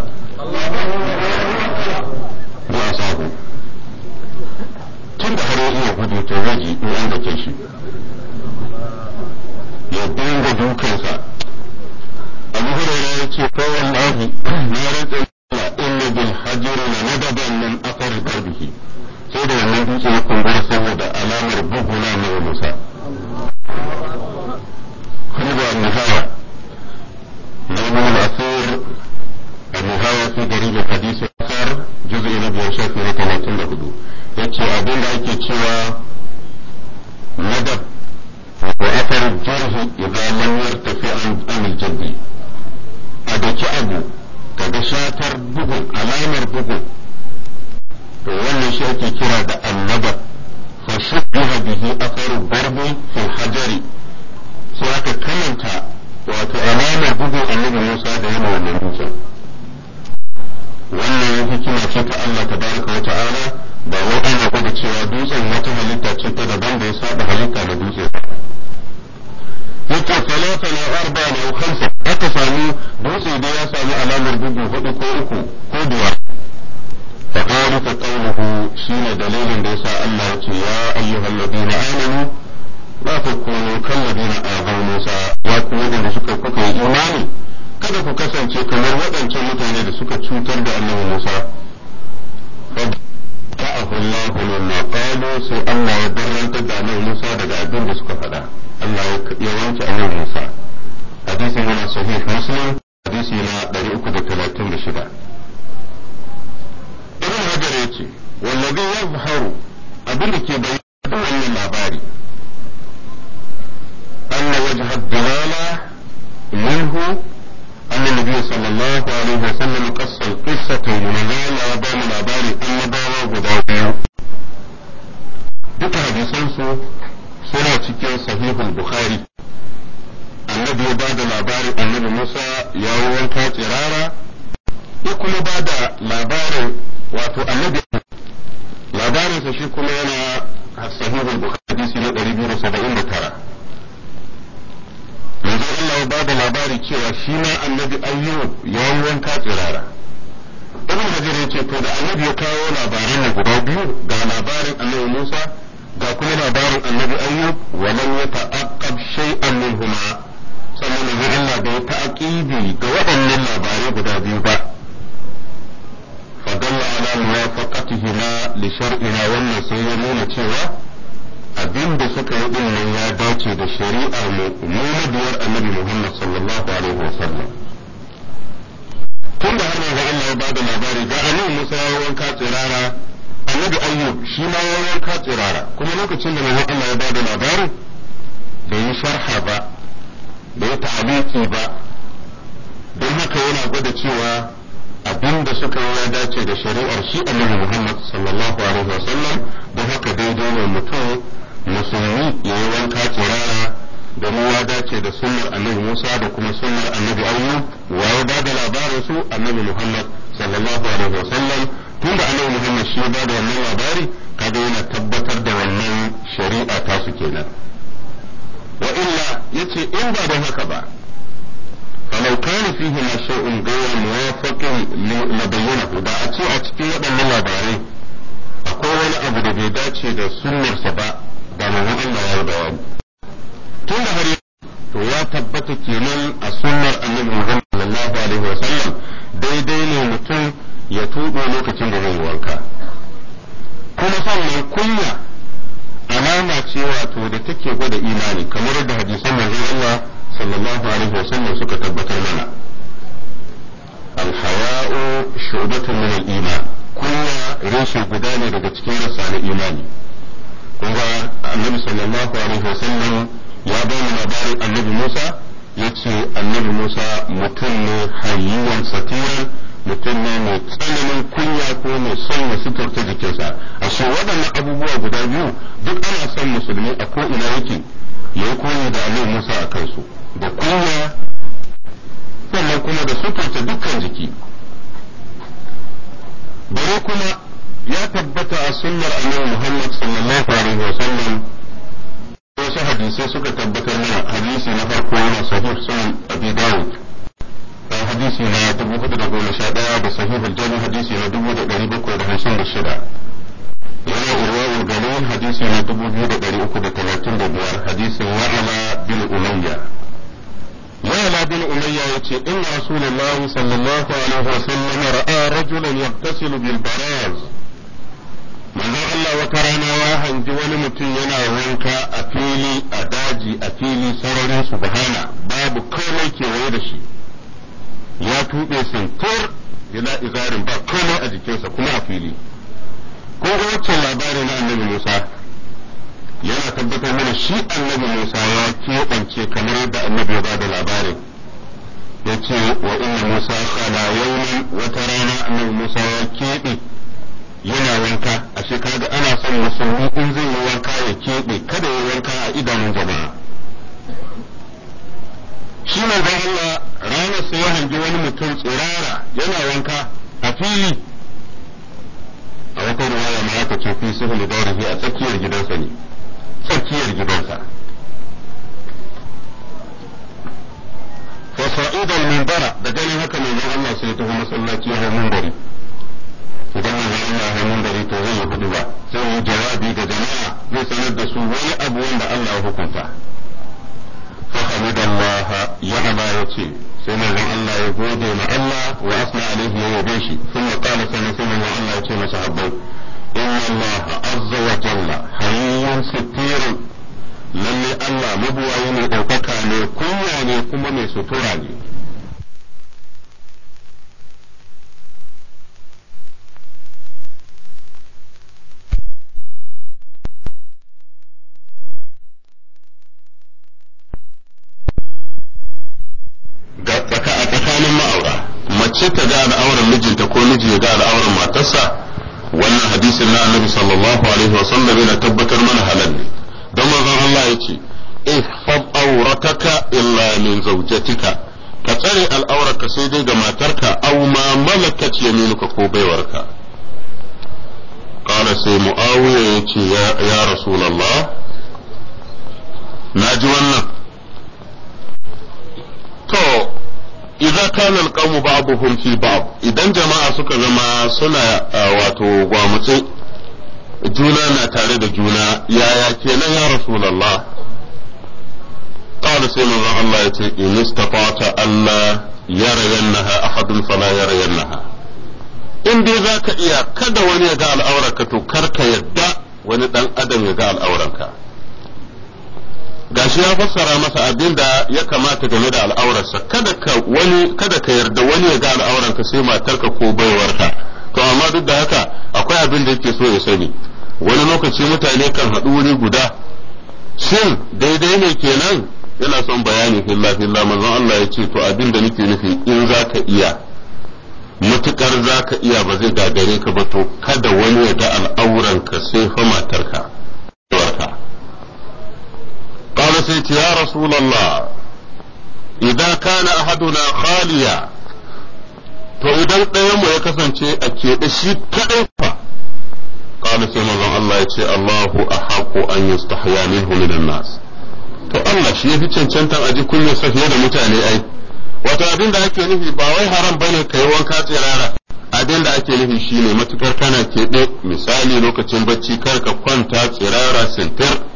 asahu tun da har ya iya gudu ta zai ji in an dake shi ya dinga dukansa abu hurera ya ce kawai lahi na rantsa la inna bil na la daban nan athar darbihi sai da wannan dutse ya kumbura saboda alamar buguna mai musa kuma ga muhawa na nuna asir a muhawa sai da shafi na talatin da hudu ya ce abin da ake cewa nadab wato asar jirhi idan lam yartafi an amil jaddi a daki abu kaga shatar bugu alamar bugu to wannan shi ake kira da annaba fa shubbiha bihi atharu darbi fi hajari sai aka kamanta wato alamar bugu annabi Musa da yana wannan dutsen wannan hikima ce ta Allah ta tabaraka wa ta'ala ba wai ana gwada cewa dutsen wata halitta ce ta daban da ya saba halitta da dutse yake talata ne arba ne khamsa aka samu dutse da ya samu alamar bugu hudu ko uku ko biyar fa qala qawluhu shine dalilin da yasa Allah ya ce ya ayyuhal ladina amanu la takunu kal ladina abaw musa ya ku da suka kuka yi imani kada ku kasance kamar waɗancan mutane da suka cutar da annabi Musa fa'ahu Allah na qalu sai Allah ya barrantar da annabi Musa daga abin da suka faɗa Allah ya wanke annabi Musa hadisi yana sahih Muslim hadisi na 336 Ibn Hajar yace wallazi yadhharu abin da ke bayyana wannan labari anna wajha dalala minhu أن النبي صلى الله عليه وسلم قص القصة من قال أبا من أن باوا غداوي duka hadisansu suna cikin sahihul bukhari annabi ya bada labarin annabi musa ya yi wanka tsirara ya kuma bada labarin wato annabi labarinsa shi kuma yana bukhari 279 yanzu Allah ya bada labari cewa shi ma annabi ayyub ya yi wanka tsirara ibn hajar yace to da annabi ya kawo labaran ne guda biyu ga labarin annabi Musa ga kuma labarin annabi ayyub wa lam yata'aqqab shay'an minhuma sannan ta Allah bai ta'aqibi ga waɗannan labarai guda biyu ba li shar'ina wannan sai ya nuna cewa. abin da suka yi din nan ya dace da shari'ar mu biyar annabi Muhammad sallallahu alaihi wasallam tun da har yanzu Allah ya bada labari ga annabi Musa ya wanka tsirara annabi Ayyub shi ma ya wanka tsirara kuma lokacin da manzon Allah ya bada labari bai yi sharha ba bai yi ta'aliki ba don haka yana gwada cewa abin da suka yi ya dace da shari'ar shi annabi Muhammad sallallahu alaihi sallam. don haka daidai ne mutum musulmi ya yi wanka kirara da ya dace da sunnar annabi Musa da kuma sunnar annabi Ayyub wa ya ba da labarin su annabi Muhammad sallallahu alaihi wasallam tun da annabi Muhammad shi ba da wannan labari kaga yana tabbatar da wannan shari'a ta su kenan wa illa yace in ba da haka ba فلو كان فيهما شيء غير موافق bayyana da a ce a cikin wadannan labarai akwai wani abu da bai dace da sunnarsa ba ga manzon Allah ya tun da to ya tabbata kenan a sunnar annabi Muhammad sallallahu alaihi wa sallam daidai ne mutum ya tuba lokacin da zai wanka kuma sannan kunya alama ce wato da take gwada imani kamar da hadisan manzon Allah sallallahu alaihi wa sallam suka tabbatar mana الحياء شعبة من الإيمان kunya ريش guda ne daga cikin rasa na imani. kun ga annabi sallallahu alaihi wasallam ya ba mu labarin annabi Musa yace annabi Musa mutum ne hayyuwan satira mutum ne mai tsananin kunya ko mai son ya suturta jikinsa a so waɗannan abubuwa guda biyu duk ana son musulmi a ko'ina yake ya yi koyi da annabi Musa a kansu da kunya sannan kuma da suturta dukkan jiki bare kuma يا تبتا سنة أمام محمد صلى الله عليه وسلم وشا حديثي سكا تبتا لنا حديثي نفر قوانا صحيح سنن أبي داود حديثي لا تبو قدر قول بصحيح الجاني حديثي لا تبو قدر بكو رحشن يا إرواء القلون حديثي لا تبو قدر قدر دبوار حديثي وعلا بن وعلا بن يتي إن رسول الله صلى الله عليه وسلم رأى رجلا يغتسل بالبراز manzon Allah wata rana ya hangi wani mutum yana wanka a fili a daji a fili sararin subhana babu komai kewaye da shi ya tuɓe sintur ila izarin ba komai a jikinsa kuma a fili ko wancan labari na annabi Musa yana tabbatar mana shi annabi Musa ya keɓance kamar yadda annabi ya ba da labarin ya ce wa inna Musa kala yawman wata rana annabi Musa ya keɓe yana wanka a da ana son musulmi in zai yi wanka ya keɓe kada ya wanka a idanun jama'a shi ne zan Allah ranar sai ya hangi wani mutum tsirara yana wanka a fili a wata ruwaya ma aka ce fi su hulidarihi a tsakiyar gidansa ne tsakiyar gidansa fasa'idar mimbara da ganin haka mai Allah sai ya tafi masallaci ya hau mimbari idan ya yana hannun da to zai yi hudu ba zai yi jawabi ga jama'a zai sanar da su wani abu wanda Allah ya hukunta fa hamidallah ya haba ya ce sai manzon Allah ya gode ma Allah wa asna alaihi ya yabe shi kuma qala sai sai manzon Allah ya ce masa habbai inna Allah azza wa jalla hayyun sitirun lalle Allah mabuwayi ne daukaka ne kunya ne kuma mai sutura ne mace ta ga al'auran mijinta ko miji ya ga al'auran matarsa wannan hadisin na annabi sallallahu alaihi wa sallam yana tabbatar mana halal ne don manzon Allah yake ihfab awrataka illa min zawjatika ka tsare al'aurarka sai dai ga matarka aw ma malakat yaminuka ko baiwarka qala sai muawiya yace ya ya rasulullah naji wannan idza kana ba abu fi ba idan jama'a suka zama suna wato gwamutse juna na tare da juna yaya kenan ya rasulullah qala sai manzo Allah ce in istafata Allah yarayannaha ahadun fala ha in dai zaka iya kada wani ya ga al'aurarka to karka yadda wani dan adam ya ga al'aurarka gashi ya fassara masa abinda ya kamata game da al'aurarsa kada ka wani kada ka yarda wani ya ga al'aurarka sai matarka ko baiwarka to amma duk da haka akwai abin da yake so ya sani wani lokaci mutane kan haɗu wuri guda shin daidai ne kenan yana son bayani filla filla manzon Allah ya ce to abin da nake nufi in za ka iya matukar za ka iya ba zai gagare ka ba to kada wani ya ga al'auranka sai fa matarka sai ce ya rasulallah idan kana ahaduna khaliya to idan ɗayan mu ya kasance a keɓe shi kaɗai fa qala sai manzon Allah ya ce Allahu ahaqu an yastahya minhu minan nas to Allah shi yafi cancanta aji kun sa fiye da mutane ai wato abin ake nufi ba wai haram bane yi wanka tsirara abin da ake nufi shine matukar kana keɓe misali lokacin bacci kar ka kwanta tsirara sintir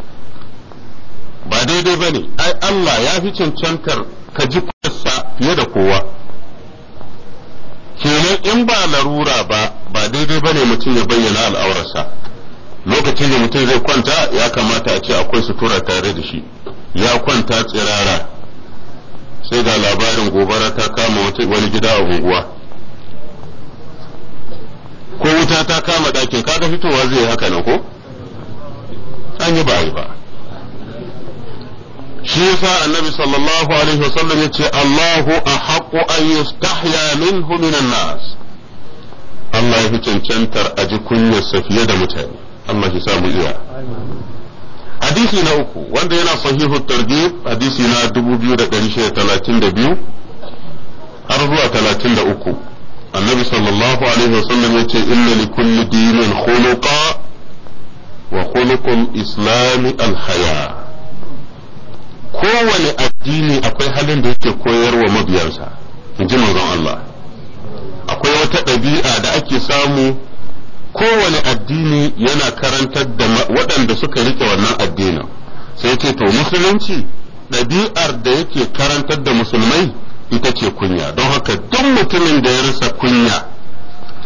ba daidai ba ne ai Allah ya fi cancantar ka ji kusa fiye da kowa kenan in ba larura ba ba daidai ba ne mutum ya bayyana al'aurarsa lokacin da mutum zai kwanta ya kamata a ce akwai sutura tare da shi ya kwanta tsirara sai ga labarin gobara ta kama wani gida a unguwa ko wuta ta kama ɗakin kaga fitowa zai haka nan ko an yi ba yi ba shi yasa annabi sallallahu alaihi wasallam yace Allahu ahaqqu an yustahya minhu minan nas Allah ya fi cancantar a ji kunyarsa fiye da mutane Allah ya samu iya hadisi na uku wanda yana sahihu targhib hadisi na 2632 har zuwa 33 annabi sallallahu alaihi wasallam yace inna likulli dinin khuluqa wa khuluqul islami al-haya' kowane addini akwai halin da yake koyarwa mabiyansa in ji manzon Allah akwai wata ɗabi'a da ake samu kowane addini yana karantar da waɗanda suka rike wannan addinin sai ce to musulunci ɗabi'ar da yake karantar da musulmai ita ce kunya don haka duk mutumin da ya rasa kunya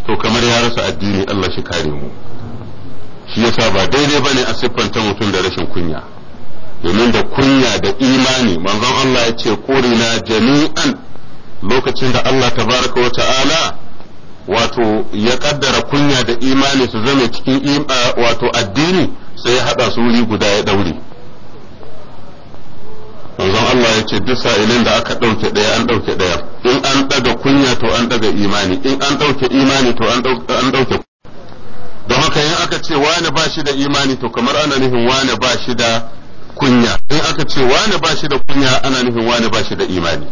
to kamar ya rasa addini Allah shi kare mu shi yasa ba daidai bane a siffanta mutum da rashin kunya domin da kunya da imani manzon Allah ya ce na jami'an lokacin da Allah tabaraka wa ta'ala wato ya kaddara kunya da imani su zama cikin wato addini sai ya hada su wuri guda ya daure manzon Allah ya ce dusa ilin da aka ɗauke ɗaya an ɗauke ɗaya in an ɗaga kunya to an ɗaga imani in an ɗauke imani to an ɗauke don haka yin aka ce wane ba shi da imani to kamar ana nufin wane ba shi da kunya in aka ce wani ba shi da kunya ana nufin wani ba shi da imani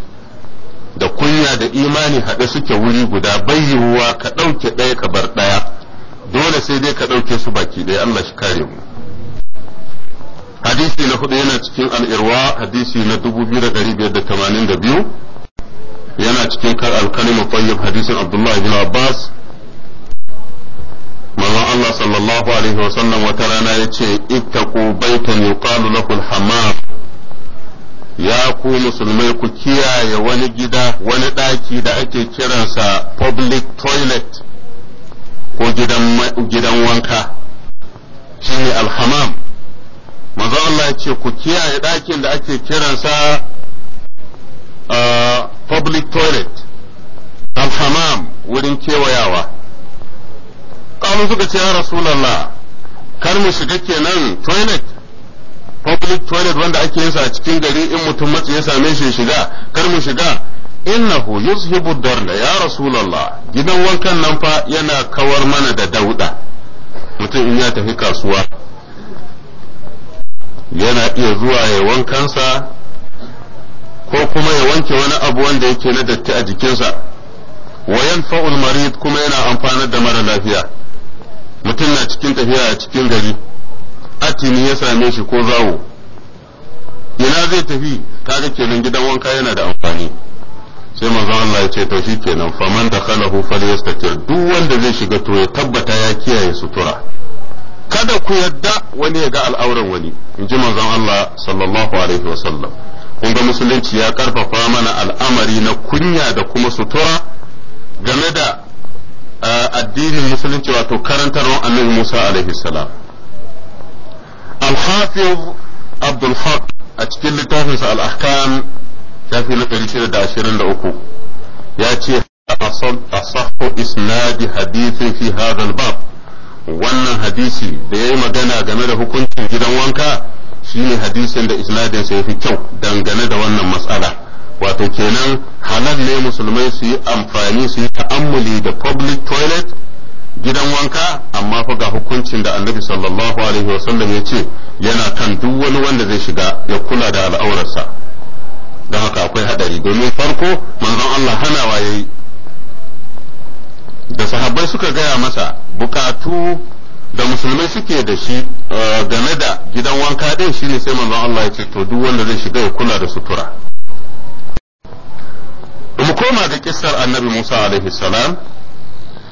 da kunya da imani haɗe suke wuri guda bai yiwuwa ka ɗauke ɗaya ka bar ɗaya dole sai dai ka ɗauke su baki ɗaya Allah shi kare mu hadisi na hudu yana cikin al'irwa hadisi na 2582 yana cikin kar alkalima tayyib hadisin Abdullahi bin Abbas Allah sallallahu alaihi wasallam wata rana ya ce ittaku baitan yuqalu lahu al-hammam ya ku musulmai ku kiyaye wani gida wani ɗaki da ake kiransa public toilet ko gidan wanka shi ne alhamam manzo Allah ya ce ku kiyaye ɗakin da ake kiransa ah, public toilet alhamam wurin kewayawa kalu suka ce ya rasulallah kar mu shiga kenan toilet public toilet wanda ake yin sa a cikin gari in mutum matsi ya same shi shiga kar mu shiga innahu yuzhibu darda ya rasulallah gidan wankan nan fa yana kawar mana da dauda mutum in ya tafi kasuwa yana iya zuwa ya wankansa ko kuma ya wanke wani abu wanda yake na datti a jikinsa wa yanfa'ul marid kuma yana amfanar da mara lafiya mutum na cikin tafiya a cikin gari atini ya same shi ko zawo ina zai tafi kaga kenan gidan wanka yana da amfani sai manzo Allah ya ce to shi kenan faman da khalahu falyastatir duk wanda zai shiga to ya tabbata ya kiyaye sutura kada ku yadda wani ya ga al'auran wani in ji manzon Allah sallallahu alaihi wasallam kun ga musulunci ya karfafa mana al'amari na kunya da kuma sutura game da addinin musulunci wato karantarwar annabi Musa alaihi salam al-hafiz Abdul Haq a cikin littafinsa al-ahkam shafi na 623 ya ce asahhu isnadi hadithin fi hadha al-bab wannan hadisi da yayi magana game da hukuncin gidan wanka shine hadisin da isnadinsa yafi kyau dangane da wannan matsala. wato kenan halal ne musulmai su yi amfani su yi ta'ammuli da public toilet gidan wanka amma fa ga hukuncin da annabi sallallahu alaihi wasallam ya ce yana kan duk wani wanda zai shiga ya kula da al'aurarsa don haka akwai hadari domin farko manzon Allah hanawa yi da sahabbai suka gaya masa bukatu da musulmai suke da shi eh, game da gidan wanka din shine sai manzon Allah ya ce to duk wanda zai shiga ya kula da sutura koma ga kissar annabi Musa alaihi salam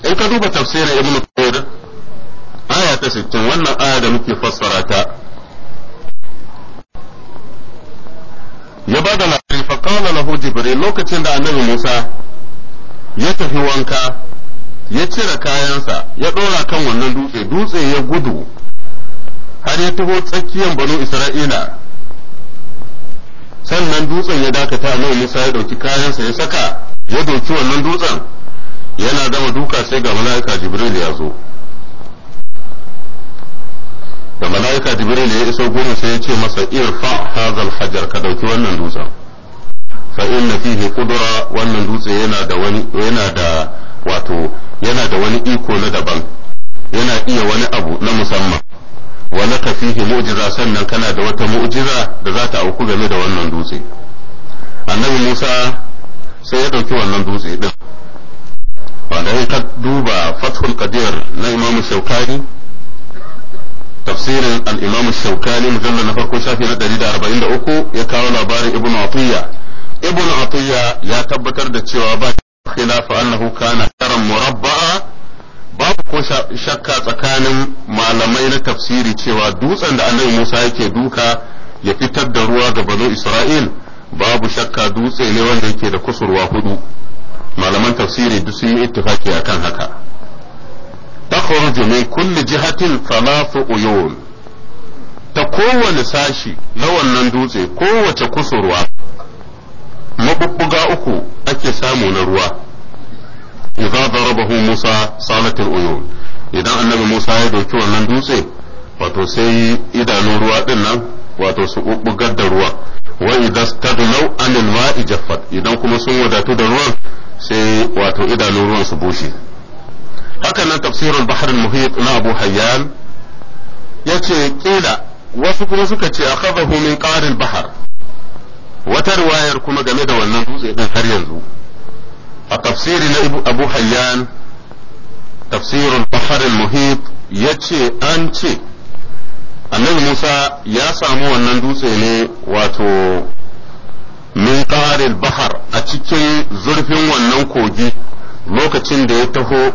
in ka duba tafsirin ibn Kathir aya ta 60 wannan aya da muke fassara ta ya bada labari fa qala lahu jibril lokacin da annabi Musa ya tafi wanka ya cire kayansa ya dora kan wannan dutse dutse ya gudu har ya taho tsakiyar banu Isra'ila dutsen ya dakata a nan ya dauki kayansa ya saka ya dauki wannan dutsen yana gama duka sai ga mala'ika Jibril ya zo da mala'ika Jibril ya iso gurin sai ya ce masa irfa hazal hajar ka dauki wannan dutsen fa inna fihi qudra wannan dutse yana da wani yana da wato yana da wani iko na daban yana iya wani abu na musamman wani kafihi mu'jiza sannan kana da wata mu'jiza da za ta auku game da wannan dutse annabi musa sai ya ɗauki wannan dutse ɗin wanda in ka duba fathul qadir na imamu shaukani tafsirin al shaukani mujallar na farko shafi na 143 ya kawo labarin ibn atiyya ibn atiyya ya tabbatar da cewa ba khilafa annahu kana karan murabba'a babu ko shakka tsakanin malamai na tafsiri cewa dutsen da annabi Musa yake duka ya fitar da ruwa ga bazo Isra'il babu shakka dutse ne wanda yake da kusurwa hudu malaman tafsiri duk sun yi ittifaki akan haka takhruju min kulli jihatin thalathu uyun ta kowane sashi na wannan dutse kowace kusurwa mabubbuga uku ake samu na ruwa raba darabahu musa salatul uyun idan annabi musa ya dauki wannan dutse wato sai idanun ruwa din nan wato su bubbugar da ruwa wa idan stagnaw anil ma'i jaffat idan kuma sun wadatu da ruwan sai wato idanun ruwan su bushe haka nan tafsirul bahr muhit na Abu Hayyan yace kila wasu kuma suka ce kafa min karin bahar. wata riwayar kuma game da wannan dutse din har yanzu a tafsiri na Abu Hayyan tafsirin bahr al yace an ce annabi Musa ya samu wannan dutse ne wato min qaril bahar a cikin zurfin wannan kogi lokacin da ya taho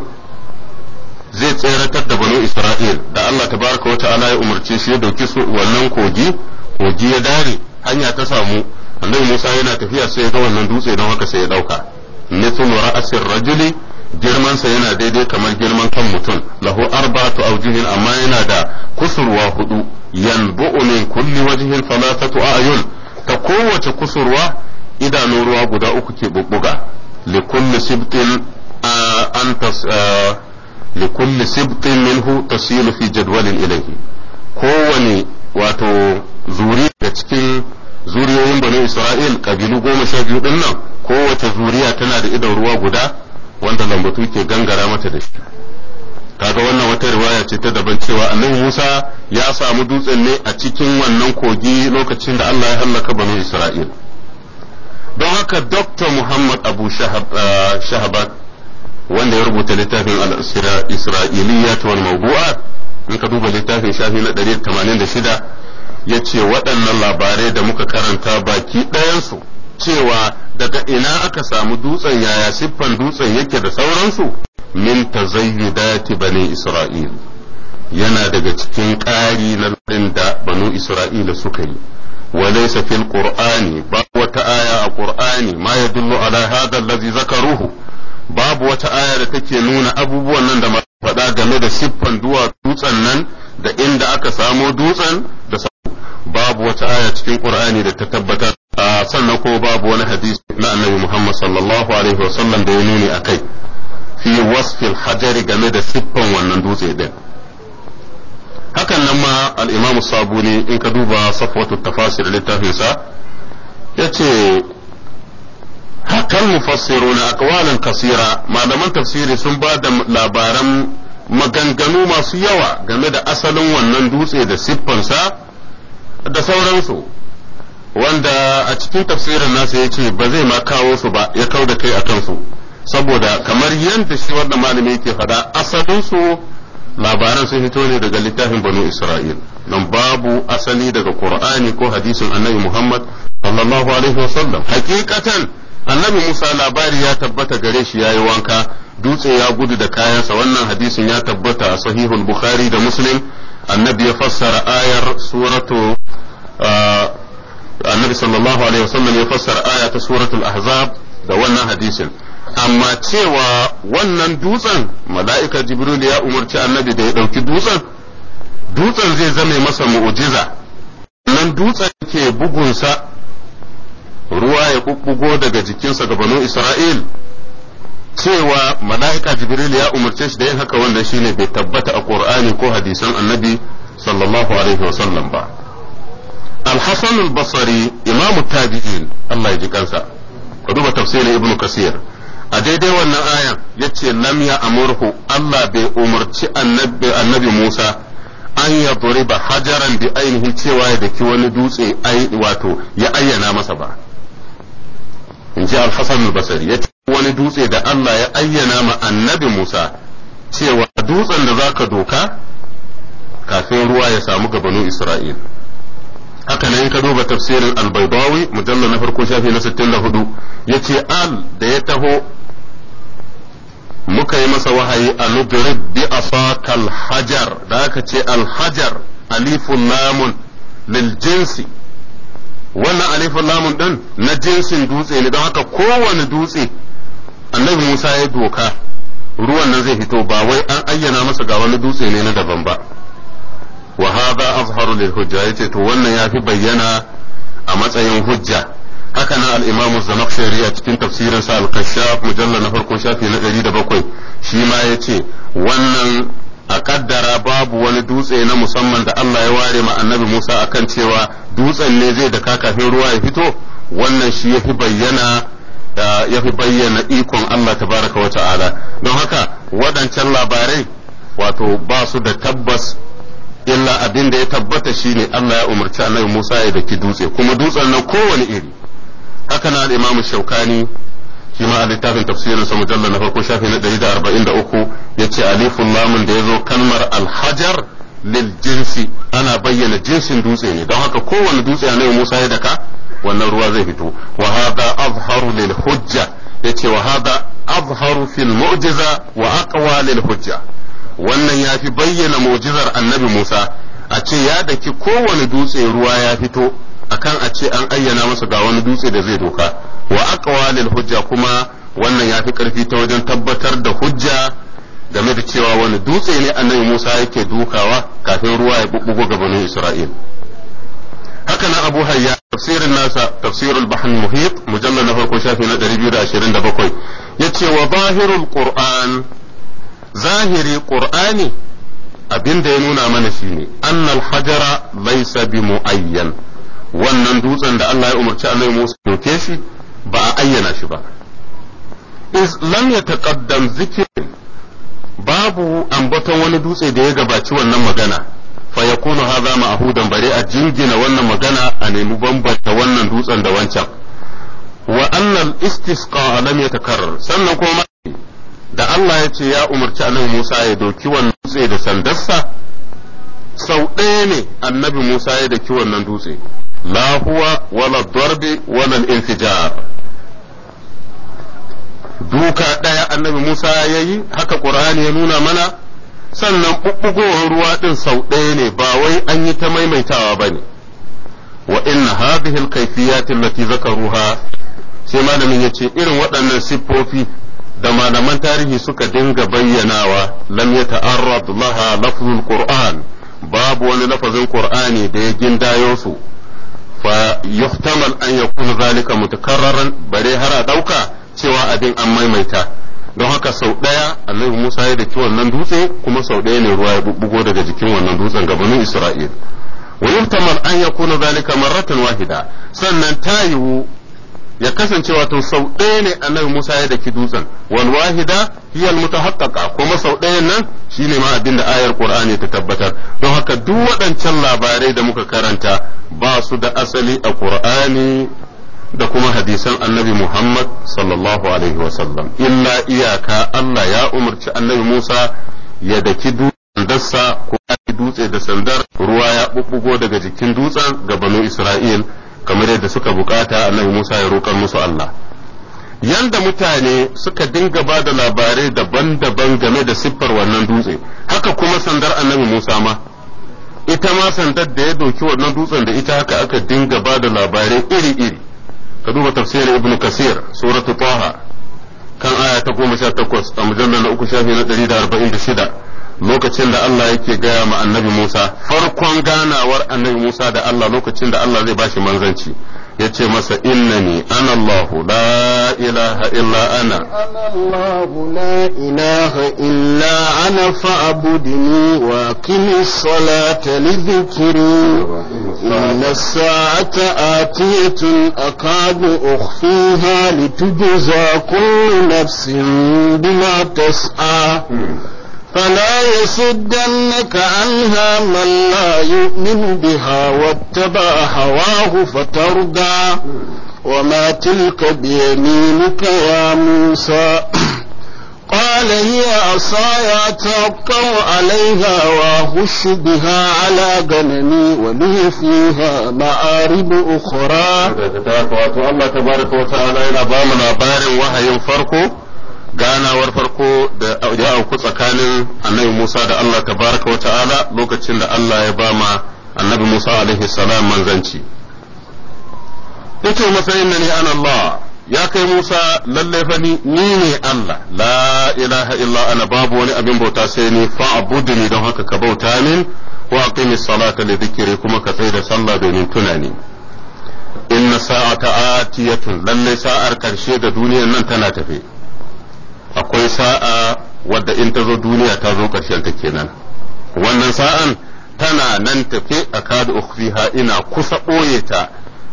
zai tseratar da banu Isra'il da Allah tabaraka wa ala ya umarci shi ya dauki su wannan kogi kogi ya dare hanya ta samu annabi Musa yana tafiya sai ya ga wannan dutse don haka sai ya dauka mithlu ra'asir rajuli girmansa yana daidai kamar girman kan mutum lahu arba'atu awjihin amma yana da kusurwa hudu yanbu'u min kulli wajhin thalathatu a'yun ta kowace kusurwa idanun ruwa guda uku ke bubbuga kulli sibtin an tas kulli sibtin minhu tasilu fi jadwalin ilayhi kowane wato zuri da cikin zuriyoyin bani isra'il kabilu goma sha biyu din nan kowace zuriya tana da idan ruwa guda wanda lambatu ke gangara mata da shi kaga wannan wata riwaya ce ta daban cewa annabi Musa ya samu dutsen ne a cikin wannan kogi lokacin da Allah ya hallaka banu Isra'il don haka Dr. Muhammad Abu ah, Shahabat wanda ya rubuta littafin al-Isra'iliyya ta wani mawdu'a in ka duba littafin shafi na 186 ya ce waɗannan labarai da muka karanta baki ɗayansu cewa daga ina aka samu dutsen yaya siffan dutsen yake da sauransu min tazayyudati bani isra'il yana daga cikin ƙari na lodin da banu isra'ila suka yi walaysa fil qur'ani ba wata aya a qur'ani ma yadullu ala hadha allazi zakaruhu babu wata aya da take nuna abubuwan nan da faɗa game da siffan duwa dutsen nan da inda aka samo dutsen da babu wata aya cikin Qur'ani da ta tabbatar sannan ko babu wani hadisi na Annabi Muhammad sallallahu alaihi wasallam da ya nuni akai fi wasfil hajari game da siffan wannan dutse ɗin hakan nan ma al Sabuni in ka duba safwatu tafasir littafinsa yace hakan mufassiru na akwalan kasira malaman tafsiri sun ba da labaran maganganu masu yawa game da asalin wannan dutse da siffansa da sauransu wanda a cikin tafsirin nasa ya ce ba zai ma kawo su ba ya kau da kai a kansu saboda kamar yadda shi wannan malami yake faɗa asalinsu labaran sun fito ne daga littafin banu isra'il nan babu asali daga qur'ani ko hadisin annabi muhammad sallallahu alaihi wasallam hakikatan annabi Musa labari ya tabbata gare shi yi wanka dutse ya gudu da kayansa wannan hadisin ya tabbata a sahihul bukhari da muslim annabi ya fassara ayar suratu annabi sallallahu alaihi wasallam ya fassara aya ta suratul ahzab da wannan hadisin amma cewa wannan dutsen mala'ika jibril ya umarci annabi da ya ɗauki dutsen dutsen zai zame masa mu'ujiza nan dutsen ke bugunsa ruwa ya bubbugo daga jikinsa ga banu Isra'il cewa mala'ika Jibril ya umarce shi da yin haka wannan shine bai tabbata a Qur'ani ko hadisan Annabi sallallahu alaihi wasallam ba Al-Hasan al-Basri imamu tabi'in Allah ya ji kansa ka duba tafsirin ibnu Kasir a daidai wannan ayan yace lam ya amurhu Allah bai umarci annabi Musa an ya duriba hajaran bi ainihi cewa ya daki wani dutse wato ya ayyana masa ba in ji al-hasan al ya ce wani dutse da Allah ya ayyana ma annabi Musa cewa dutsen da zaka doka kafin ruwa ya samu ga banu Isra'il haka nan ka duba tafsirin al-baydawi mujallal na farko shafi na 64 yace al da ya taho muka yi masa wahayi a nudrib bi asakal hajar da aka ce al-hajar alifun lamun lil jinsi wannan alifin lamun din na jinsin dutse ne don haka kowane dutse annabi Musa ya doka ruwan nan zai fito ba wai an ayyana masa ga wani dutse ne na daban ba wa hadha azharu lil hujja yace to wannan yafi bayyana a matsayin hujja haka nan al-imamu zamakhshari a cikin tafsirin sa al-kashaf mujallal na farko shafi na 107 shi ma yace wannan a kaddara babu wani dutse na musamman da Allah ya ware ma annabi Musa akan cewa dutsen ne zai da kafin ruwa ya fito wannan shi yafi bayyana fi bayyana ikon Allah ta baraka wa ta'ala don haka waɗancan labarai wato ba su da tabbas illa abin da ya tabbata shine Allah ya umarci annabi Musa ya daki dutse kuma dutsen nan kowane iri haka na al-Imam Shaukani shi ma a littafin tafsirin sa mujalla na farko shafi na 143 ce alifun lamun da ya zo kalmar alhajar lil jinsi ana bayyana jinsin dutse ne don haka kowane dutse annabi Musa ya daka wannan ruwa zai fito wa hadha azharu lil hujja ce wa hadha azharu fil mu'jiza wa aqwa lil hujja wannan ya fi bayyana mu'jizar annabi Musa a ce ya daki kowane dutse ruwa ya fito akan a ce an ayyana masa ga wani dutse da zai doka wa aqwalil hujja kuma wannan ya fi karfi ta wajen tabbatar da hujja game da cewa wani dutse ne annabi Musa yake dukawa kafin ruwa ya bubbugo ga banu Isra'il haka na Abu Hayya tafsirin nasa tafsirul bahr muhit mujallal na farko shafi na 227 yace wa zahirul qur'an zahiri qur'ani abinda ya nuna mana shine annal hajara laysa bi muayyan wannan dutsen da Allah ya umarci annabi Musa doke shi ba a ayyana shi ba is lam ya taqaddam zikirin babu ambaton wani dutse da ya gabaci wannan magana fa yakunu hadha ma'hudan bare a jingina wannan magana a nemi bambanta wannan dutsen da wancan wa annal istisqa lam yatakarrar sannan kuma da Allah ya ce ya umarci annabi Musa ya doki wannan dutse da sandarsa sau ɗaya ne annabi Musa ya kiwon wannan dutse la huwa wala darbi duka ɗaya annabi Musa ya yi haka ƙur'ani ya nuna mana sannan ɓuɓɓugowar ruwa ɗin sau ɗaya ne ba wai an yi ta maimaitawa ba ne wa inna hadhihi alkayfiyat allati zakaruha sai malamin ya ce irin waɗannan siffofi da malaman tarihi suka dinga bayyanawa lam ya ta'arrad laha lafzul qur'an babu wani lafazin qur'ani da ya gindayo su fa yuhtamal an yakuna zalika mutakarraran bare har a ɗauka cewa abin an maimaita don haka sau ɗaya annabi Musa ya daki wannan dutse kuma sau ɗaya ne ruwa ya bugo daga jikin wannan dutsen gabanin Isra'il wa yuhtamal an yakuna zalika ratan wahida sannan ta yiwu ya kasance wato sau ɗaya ne annabi Musa ya daki dutsen wal wahida hiya al mutahaqqaqa kuma sau ɗayan nan shine ma abin da ayar Qur'ani ta tabbatar don haka duk waɗancan labarai da muka karanta ba su da asali a Qur'ani da kuma hadisan annabi Muhammad sallallahu alaihi wa sallam illa iyaka Allah ya umarci annabi Musa ya daki dutsen dassa ko dutse da sandar ruwa ya bubbugo daga jikin dutsen ga banu Isra'il kamar yadda suka bukata annabi Musa ya roƙar musu Allah yanda mutane suka dinga ba da labarai daban-daban game da siffar wannan dutse haka kuma sandar annabi Musa ma ita ma sandar da ya doki wannan dutsen da ita haka aka dinga ba da labarai iri-iri ka duba tafsirin ibnu kasir suratu taha kan aya ta goma sha takwas a mujallar na uku shafi na ɗari da arba'in da shida lokacin da Allah yake gaya ma annabi Musa farkon ganawar annabi Musa da Allah lokacin da Allah zai bashi manzanci yace masa innani ana Allah la ilaha illa ana ana la ilaha illa ana fa'budni wa aqimis salata li dhikri inna sa'ata atiyatun akadu ukhfiha litujza kullu nafsin bima tas'a فلا يصدنك عنها من لا يؤمن بها واتبع هواه فتردى وما تلك بيمينك يا موسى قال هي عصاي اتوقع عليها واهش بها على غنمي ولي فيها مآرب اخرى الله تبارك وتعالى الى بامنا بار وهي فرقه ganawar farko da ya auku tsakanin annabi Musa da Allah tabaraka wa ta'ala lokacin da Allah ya ba ma annabi Musa alaihi salam manzanci matsayin na ne ana Allah ya kai Musa lalle fa ni ne Allah la ilaha illa ana babu wani abin bauta sai ni fa'budni don haka ka bauta min wa aqimis salata li dhikri kuma ka tsaya da sallah domin tunani inna sa'ata atiyatun lalle sa'ar karshe da duniyar nan tana tafe akwai sa'a wadda in ta zo duniya ta zo ƙarshen ta kenan wannan sa'an tana nan tafe a kada ukhfiha ina kusa ɓoye ta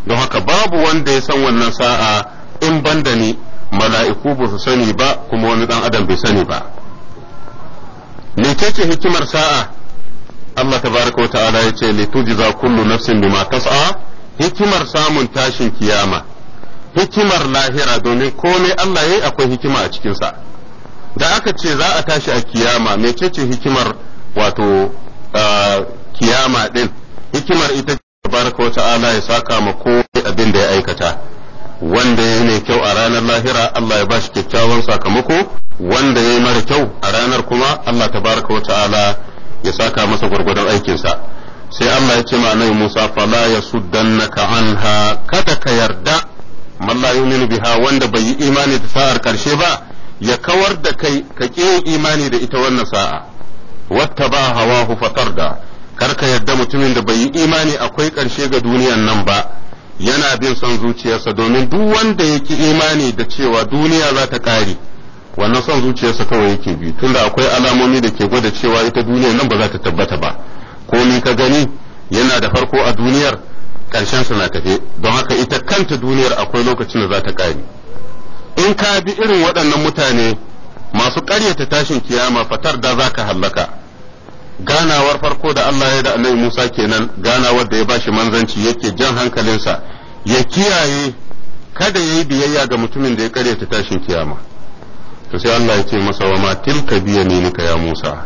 don haka babu wanda ya san wannan sa'a in banda ni mala'iku ba su sani ba kuma wani dan adam bai sani ba ce hikimar sa'a Allah tabaraka wa ta'ala ya ce litujza kullu nafsin bima tas'a hikimar samun tashin kiyama hikimar lahira domin komai Allah yayi akwai hikima a cikinsa da aka ce za a tashi a kiyama mecece hikimar wato kiyama din hikimar ita ce tabaraka wa ta'ala ya saka ma kowai abin da ya aikata wanda ya mai kyau a ranar lahira Allah ya bashi kyakkyawan sakamako wanda ya yi mara kyau a ranar kuma Allah tabaraka wa ta'ala ya saka masa gwargwadon aikinsa sai Allah ya ce ma Musa fala ya yasuddannaka anha kada ka yarda mallayu biha wanda bai yi imani da sa'ar karshe ba ya kawar da kai ka yin imani da ita wannan sa'a wata ba hawa fatar da karka yadda mutumin da bai yi imani akwai ƙarshe ga duniyan nan ba yana bin son zuciyarsa domin duk wanda ya ki imani da cewa duniya za ta ƙare wannan son zuciyarsa kawai yake bi tunda akwai alamomi da ke gwada cewa ita duniyar nan ba za ta tabbata ba ko ni ka gani yana da farko a duniyar ƙarshensa na tafe don haka ita kanta duniyar akwai lokacin da za ta ƙare in ka bi irin waɗannan mutane masu ƙaryata tashin kiyama fatar da za ka hallaka ganawar farko da Allah ya da annabi Musa kenan ganawar da ya ba shi manzanci yake jan hankalinsa ya kiyaye kada ya yi biyayya ga mutumin da ya ƙaryata tashin kiyama to sai Allah ya ce masa wa ma tilka biyaminika ya Musa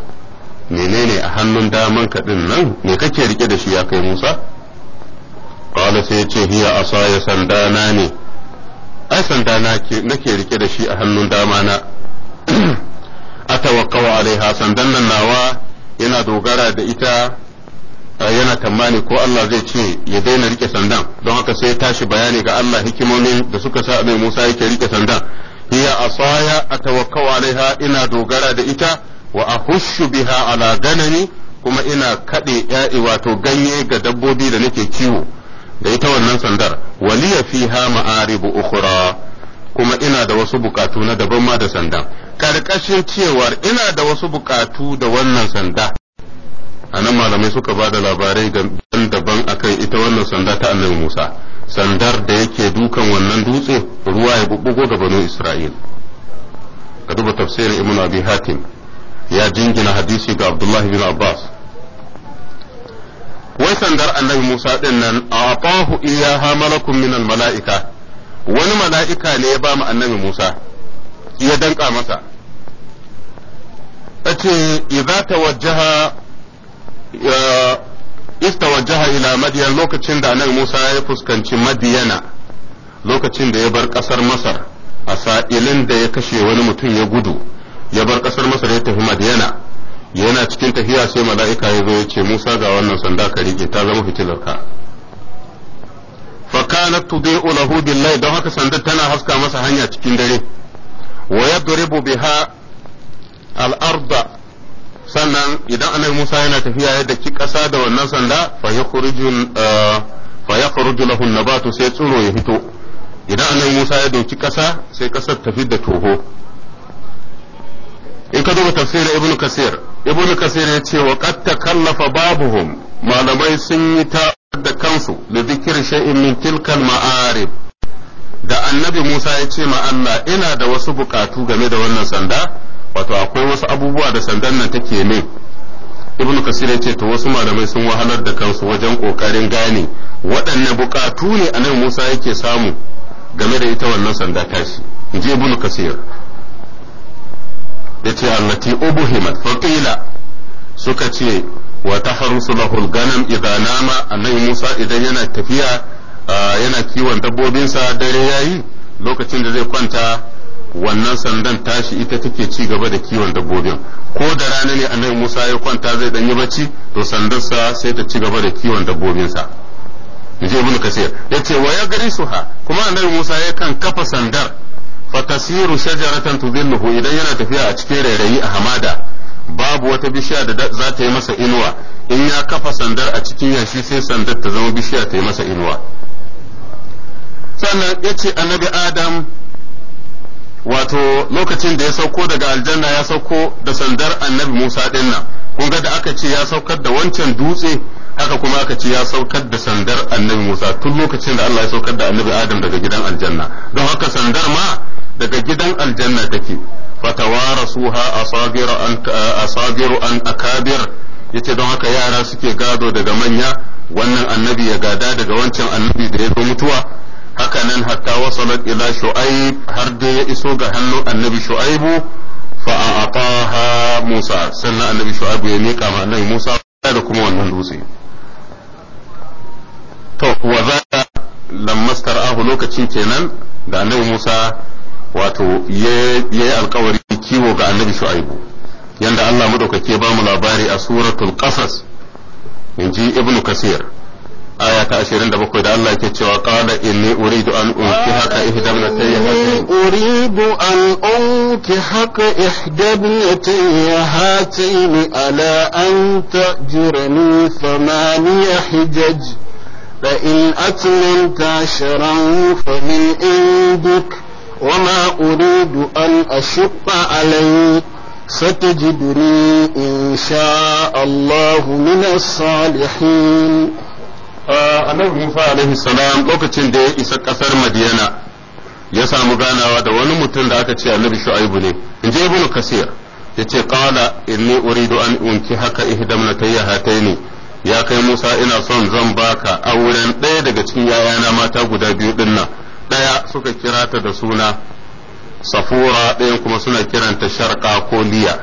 menene a hannun daman ka din nan me kake rike da shi ya kai Musa qala sai ya ce hiya asaya sandana ne ai sanda nake rike da shi a hannun dama na atawakkau alaiha sandan nan nawa yana dogara da ita yana tambani ko Allah zai ce ya daina rike sandan don haka sai tashi bayani ga Allah hikimomin da suka sa mai Musa yake rike sandan hiya asaya atawakkau alaiha ina dogara da ita wa ahushu biha ala ganani kuma ina kaɗe ya'i wato ganye ga dabbobi da nake ciwo. da ita wannan sandar waliya fiha ma'aribu ukhra kuma ina da wasu bukatu na daban ma da sanda karkashin cewa ina da wasu bukatu da wannan sanda a malamai suka ba da labarai daban-daban akan ita wannan sanda ta annabi Musa sandar da yake dukan wannan dutse ruwa ya bubbugo ga banu Isra'il ka duba tafsirin Ibn Abi Hatim ya jingina hadisi ga Abdullah bin Abbas wai sandar annabi Musa din nan a iya iyaha malakun mala'ika wani mala'ika ne ya ba mu annabi Musa ya danka masa tace idza tawajjaha istawajjaha ila madiyan lokacin da annabi Musa ya fuskanci madiyana lokacin da ya bar kasar Masar a sa'ilin da ya kashe wani mutum ya gudu ya bar ƙasar Masar ya tafi madiyana yana cikin tafiya sai mala'ika ya zo ya ce musa ga wannan sanda ka rike ta zama fitilarka fakanat tudai'u lahu billahi don haka sandar tana haska masa hanya cikin dare wa yadribu biha al sannan idan annabi Musa yana tafiya yadda ki kasa da wannan sanda fa yakhruju eh, lahu nabatu sai tsuro ya fito idan annabi Musa ya doki kasa sai kasar tafi da toho in ka duba tafsirin ibnu kasir ibn kasir ya ce wa qad takallafa babuhum malamai sun yi ta da kansu da zikir shay'in min tilkal ma'arib da annabi Musa ya ce ma Allah ina da wasu bukatu game da wannan sanda wato akwai wasu abubuwa da sandan nan take ne ibn kasir ya ce to wasu malamai sun wahalar da kansu wajen kokarin gane waɗanne bukatu ne annabi Musa yake samu game da ita wannan sanda tashi in ji ibn kasir yace allati ubuhimat faqila suka ce wa tahrusu lahu al-ganam idza nama annabi Musa idan yana tafiya yana kiwon dabbobinsa dare yayi lokacin da zai kwanta wannan sandan tashi ita take ci gaba da kiwon dabbobin ko da rana ne annabi Musa ya kwanta zai dan yi bacci to sandarsa sai ta ci gaba da kiwon dabbobinsa je ibnu kasir yace wa ya gari ha kuma annabi Musa ya kan kafa sandar fatasiru shajaratan tudilluhu idan yana tafiya a cikin rairayi a hamada babu wata bishiya da za ta yi masa inuwa in ya kafa sandar a cikin yashi sai sandar ta zama bishiya ta yi masa inuwa sannan ya ce annabi adam wato lokacin da ya sauko daga aljanna ya sauko da sandar annabi musa dinnan kun ga da aka ce ya saukar da wancan dutse haka kuma aka ce ya saukar da sandar annabi musa tun lokacin da allah ya saukar da annabi adam daga gidan aljanna don haka sandar ma daga gidan aljanna take fatawarasuha asabiru an asabiru an akabir yace don haka yara suke gado daga manya wannan annabi ya gada daga wancan annabi da ya zo mutuwa haka nan hatta wasalat ila shu'aib har da ya iso ga hannun annabi shu'aibu fa a'ataha musa sannan annabi shu'aibu ya mika ma annabi musa da kuma wannan dutse to wa za lammastar ahu lokacin kenan da annabi musa wato yayi alkawari kiwo ga annabi shu'aibu yanda Allah madaukake ya bamu labari a suratul qasas inji ibnu kasir aya ta 27 da Allah yake cewa qala inni uridu an unkihaka ihdabnatayya uridu an a ihdabnatayya hatayn ala an tajurani thamaniya hijaj فإن أتممت عشرا فمن عندك وما أريد أن أشق عليه ستجدني إن شاء الله من الصالحين annabi salam lokacin da ya isa kasar Madiyana ya samu ganawa da wani mutum da aka ce annabi Shu'aibu ne in je ibnu Kasir yace qala inni uridu an unki haka ihdamnatayya hataini ya kai Musa ina son zan baka auren ɗaya daga cikin yayana mata guda biyu dinnan ɗaya suka kira ta da suna safura ɗayan kuma suna kiranta sharka ko liya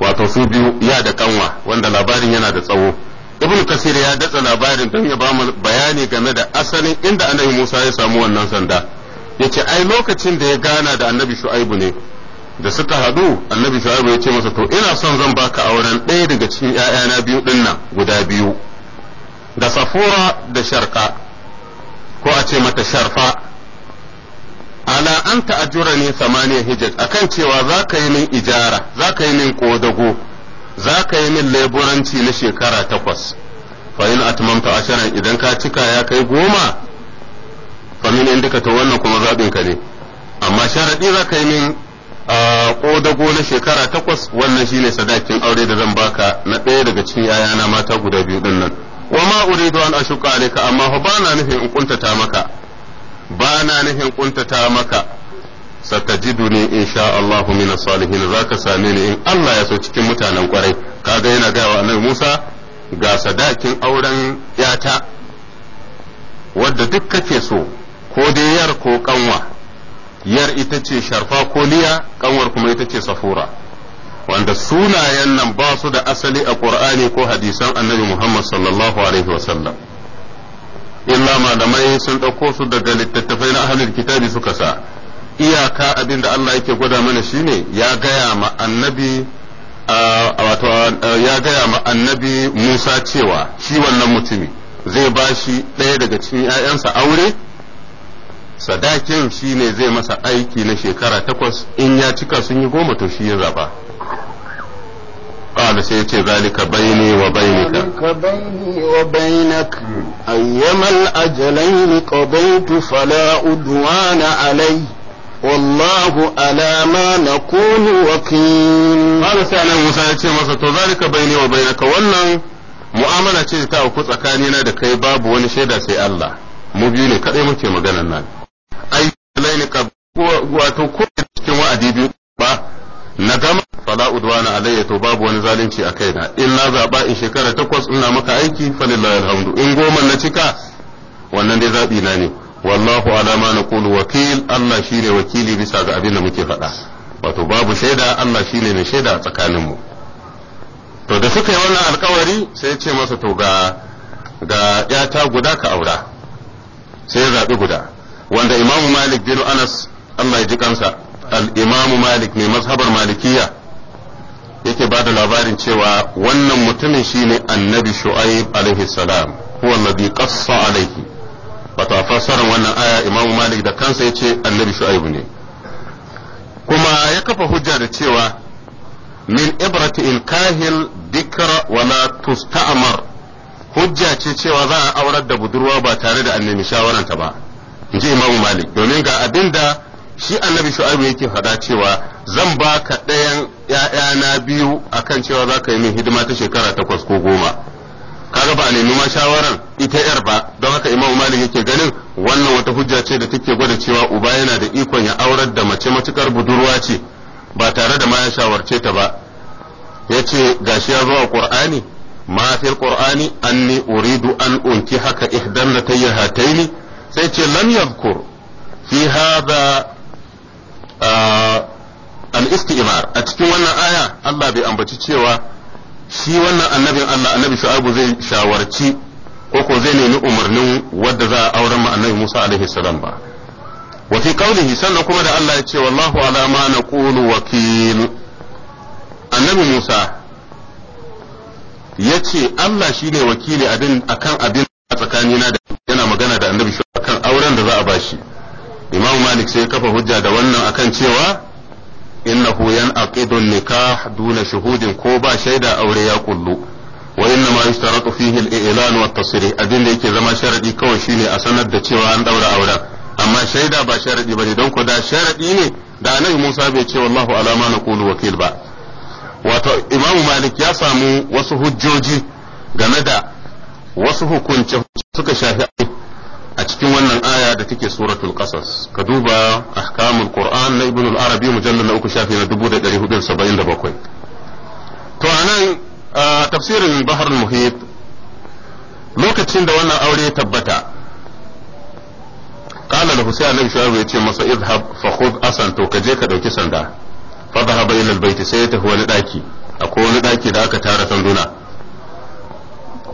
wato su biyu ya da kanwa wanda labarin yana da tsawo ibn kasir ya datsa labarin don ya ba mu bayani game da asalin inda annabi musa ya samu wannan sanda ya ce ai lokacin da ya gana da annabi shu'aibu ne da suka haɗu annabi shu'aibu ya ce masa to ina son zan baka auren ɗaya daga cikin ‘ya'yana biyu ɗin guda biyu da safura da sharka ko a ce mata sharfa ala an ta'ajura ne samaniya a kan cewa za ka yi min ijara za ka yi min kodago za ka yi min leburanci na shekara takwas fa atmamta ashirin idan ka cika ya kai goma fa min indika ta wannan kuma zaɓin ka ne amma sharaɗi za ka yi min kodago na shekara takwas wannan shine sadakin aure da zan baka na ɗaya daga cikin 'ya'yana mata guda biyu ɗin nan wa ma uridu an ashuka alayka amma fa bana nufin in kuntata maka bana in kuntata maka satajiduni insha Allahu min salihin zaka same ni in Allah ya so cikin mutanen kwarai kaga yana ga wa Annabi Musa ga sadakin auren yata wadda duk kake so ko dai yar ko kanwa yar ita ce sharfa ko liya kanwar kuma ita ce safura wanda sunayen nan ba su da asali a ƙur'ani ko hadisan annabi Muhammad sallallahu alaihi wasallam illa malamai sun ɗauko su daga littattafai na ahlul kitabi suka sa iyaka abinda Allah yake gwada mana shine ya gaya ma annabi wato ya gaya ma annabi Musa cewa shi wannan mutumi zai ba shi ɗaya daga cikin 'ya'yansa aure sadakin shine zai masa aiki na shekara takwas in ya cika sun yi goma to shi ya zaba قال سيتي ذلك بيني وبينك ذلك بيني وبينك أيما الأجلين قضيت فلا أدوان علي والله على ما نكون وكيل قال سأنا موسى يتي مصر ذلك بيني وبينك والله mu'amala ce ta auku tsakanina da kai babu wani shaida sai Allah mu biyu ne kadai muke maganan nan ai laini ka wato ko cikin wa'adi biyu ba na gama fala udwana alayya to babu wani zalunci a kaina in na zaba in shekara takwas ina maka aiki falillahi alhamdu in goma na cika wannan dai zabi na ne wallahu ala ma naqulu wakil Allah shine wakili bisa ga abin da muke faɗa wato babu shaida Allah shine mai shaida a tsakanin mu to da suka yi wannan alkawari sai ya ce masa to ga ga yata guda ka aura sai ya zabi guda wanda imamu malik bin anas Allah ya ji kansa Al'imamu malik mai mazhabar malikiya yake ba da labarin cewa wannan mutumin shine annabi shu'aib alaihi salam huwa qassa a wannan aya imamu malik da kansa ya ce annabi shu'aib ne kuma ya kafa hujja da cewa min ibrati ilkahil dikra wala tusta'mar hujja ce cewa za a aurar da budurwa ba tare da annabi ta ba in ji imamu malik domin ga abinda shi annabi shu'aibu yake faɗa cewa zan baka ɗayan ‘ya'yana biyu a kan cewa za ka yi min hidima ta shekara takwas ko goma kaga ba a nemi ma shawaran ita yar ba don haka imam malik yake ganin wannan wata hujja ce da take gwada cewa uba yana da ikon ya aurar da mace matukar budurwa ce ba tare da ma ya shawarce ta ba Ya yace shi ya zuwa a qur'ani ma fil qur'ani anni uridu an unki haka ihdan latayya hataini sai ce lam yadhkur fi hadha al-istimar a cikin wannan aya Allah bai ambaci cewa shi wannan annabin Allah annabi shu'aibu zai shawarci ko ko zai nemi umarnin wadda za a auren ma annabi Musa alaihi salam ba wa fi qawlihi sannan kuma da Allah ya ce wallahu ala ma naqulu wakil annabi Musa ya ce Allah shine wakili akan abin tsakanina da yana magana da annabi akan auren da za a bashi shi imam malik sai kafa hujja da wannan akan cewa innahu aqidu nikah duna shuhudin ko ba shaida aure ya kullu wa inna ma yushtaratu fihi al-i'lan wa at-tasrih abin da yake zama sharadi kawai shine a sanar da cewa an daura auren amma shaida ba sharadi bane don ko da sharadi ne da annabi Musa bai ce wallahu alama na naqulu wakil ba wato imamu malik ya samu wasu hujjoji game da wasu hukunci suka shafi a cikin wannan aya da take suratul qasas ka duba ahkamul qur'an na ibn al-arabi mujallal na uku shafi na 1477 to anan tafsirin bahar muhit lokacin da wannan aure ya tabbata قال له sai annabi shu'aib ya ce masa idhab fa khudh asan ka je ka dauki sanda fa dhahaba ila al sai ya tafi wani daki akwai wani ɗaki da aka tara sanduna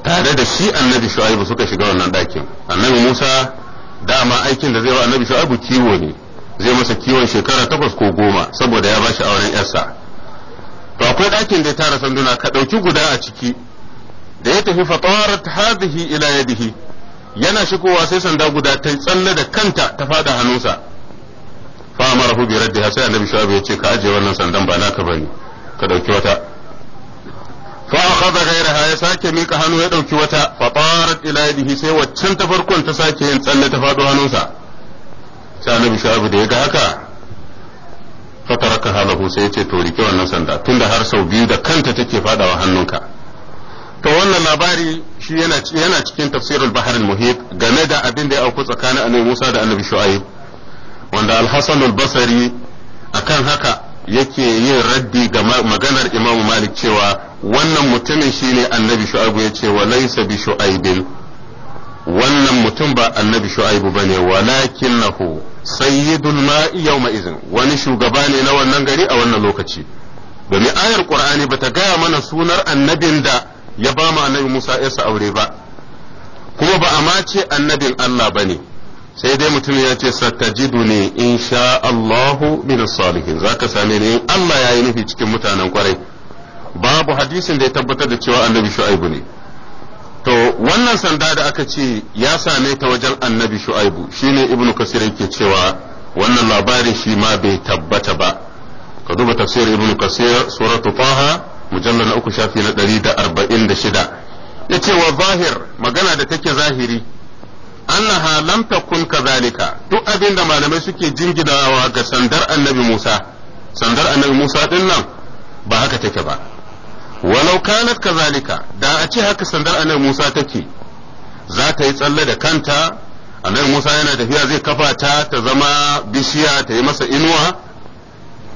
tare da shi annabi shu'aibu suka shiga wannan ɗakin annabi musa dama aikin da zai wa annabi shu'aibu kiwo ne zai masa kiwon shekara takwas ko goma saboda ya bashi auren yarsa to akwai ɗakin da ya tara sanduna ka ɗauki guda a ciki da ya tafi fatawarat hadhihi ila yadihi yana shigowa sai sanda guda ta tsalle da kanta ta fada hannunsa fa amara hu bi raddiha sai annabi shu'aibu ya ce ka ajiye wannan sandan ba naka bane ka ɗauki wata fa akhadha ghayraha ya sake mika hannu ya ɗauki wata fa tarat ila yadihi sai waccan ta farkon ta sake yin tsalle ta fado hannunsa sai annabi shu'aib da ya ga haka fa taraka halahu sai ya ce to rike wannan sanda tunda har sau biyu da kanta take fadawa hannunka to wannan labari shi yana cikin tafsirul bahar muhit game da abin da ya auku tsakanin annabi Musa da annabi Shu'aib wanda al-Hasan akan haka yake yin raddi ga maganar Imam Malik cewa wannan mutumin shine Annabi Shu'aibu ya ce wa laysa bi Shu'aibin wannan mutum ba Annabi Shu'aibu bane walakinahu sayyidul ma'i yawma izin wani shugaba ne na wannan gari a wannan lokaci domin ayar Qur'ani bata gaya mana sunar annabin da ya ba mu Annabi Musa ya aure ba kuma ba a mace annabin Allah bane sai dai mutum ya ce sata jidu ne in sha Allahu min salihin ka same ni in Allah ya yi nufi cikin mutanen kwarai babu hadisin da ya tabbatar da cewa annabi shu'aibu ne to wannan sanda da aka ce ya same ta wajen annabi shu'aibu shine ibnu kasir yake cewa wannan labarin shi ma bai tabbata ba ka duba tafsir ibnu kasir suratu taha mujallal na uku shafi na 146 yace wa zahir magana da take zahiri annaha lam takun kazalika duk abinda malamai suke jinginawa ga sandar annabi Musa sandar annabi Musa din nan ba haka take ba walau kanat kazalika da a ce haka sandar annabi Musa take za ta yi tsalle da kanta annabi Musa yana tafiya zai kafa ta ta zama bishiya ta yi masa inuwa